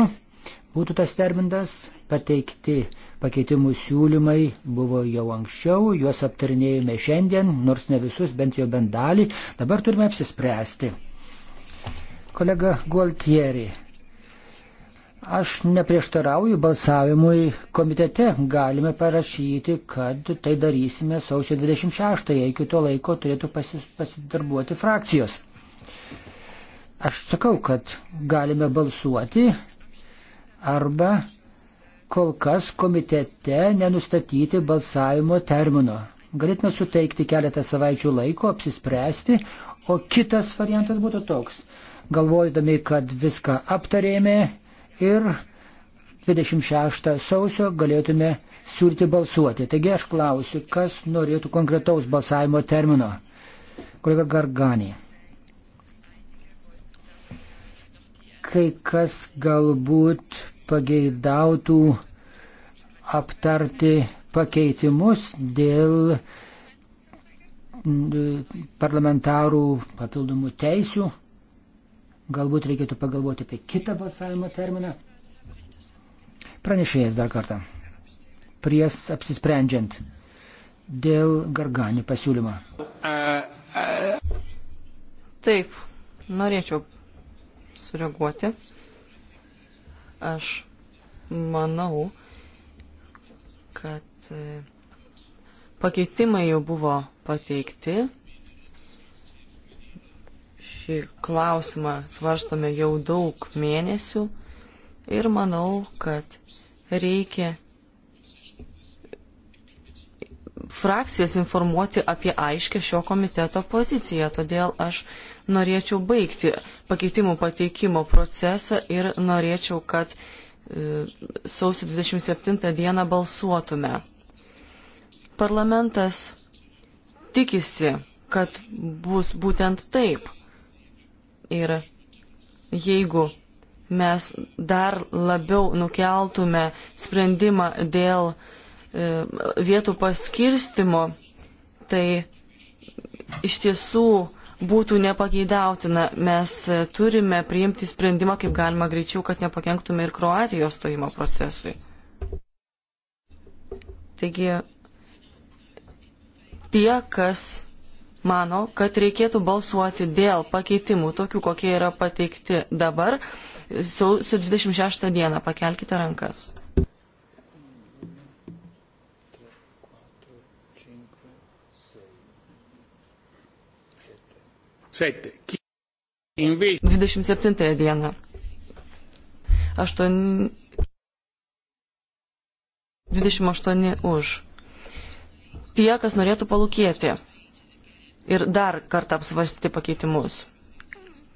S2: būtų tas terminas, pateikti pakeitimų siūlymai buvo jau anksčiau, juos aptarinėjome šiandien, nors ne visus, bent jau bendalį, dabar turime apsispręsti. Kolega Gualtieri Aš neprieštarauju balsavimui komitete. Galime parašyti, kad tai darysime sausio 26-ąją. Iki to laiko turėtų pasis, pasidarbuoti frakcijos. Aš sakau, kad galime balsuoti arba kol kas komitete nenustatyti balsavimo termino. Galėtume suteikti keletą savaičių laiko, apsispręsti, o kitas variantas būtų toks. Galvojami, kad viską aptarėme, ir 26 sausio galėtume siūlyti balsuoti. Taigi aš klausiu, kas norėtų konkretaus balsavimo termino. Kolega Garganė. Kai kas galbūt pageidautų aptarti pakeitimus dėl mm, parlamentarų papildomų teisių. Galbūt reikėtų pagalvoti apie kitą balsavimo terminą. Pranešėjas dar kartą. Pries apsisprendžiant dėl garganių pasiūlymą.
S3: Taip, norėčiau sureaguoti. Aš manau, kad e, pakeitimai jau buvo pateikti šį klausimą svarstome jau daug mėnesių ir manau, kad reikia frakcijas informuoti apie aiškę šio komiteto poziciją, todėl aš norėčiau baigti pakeitimų pateikimo procesą ir norėčiau, kad e, sausio 27 dieną balsuotume. Parlamentas tikisi, kad bus būtent taip. Ir jeigu mes dar labiau nukeltume sprendimą dėl e, vietų paskirstimo, tai iš tiesų būtų nepageidautina. Mes e, turime priimti sprendimą kaip galima greičiau, kad nepakenktume ir Kroatijos stojimo procesui. Taigi tie, kas mano, kad reikėtų balsuoti dėl pakeitimų, tokių, kokie yra pateikti dabar, sausio 26 dieną. Pakelkite rankas. Dvidešimt septintąją dieną. Aštuoni... 28 už. Tie, kas norėtų palūkėti ir dar kartą apsvarstyti pakeitimus.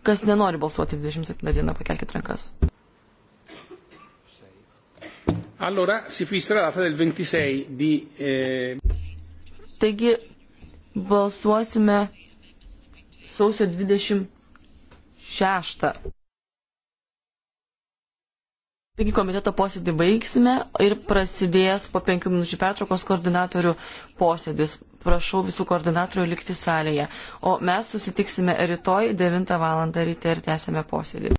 S3: Kas nenori balsuoti 27 dieną, pakelkite rankas.
S1: Allora si fissa la data del 26 di...
S3: Eh... Taigi balsuosime sausio 26. Taigi komiteto posėdį baigsime ir prasidės po penkių minučių pertraukos koordinatorių posėdis. Prašau visų koordinatorių likti salėje. O mes susitiksime rytoj 9 val. ryte ir tęsime posėdį.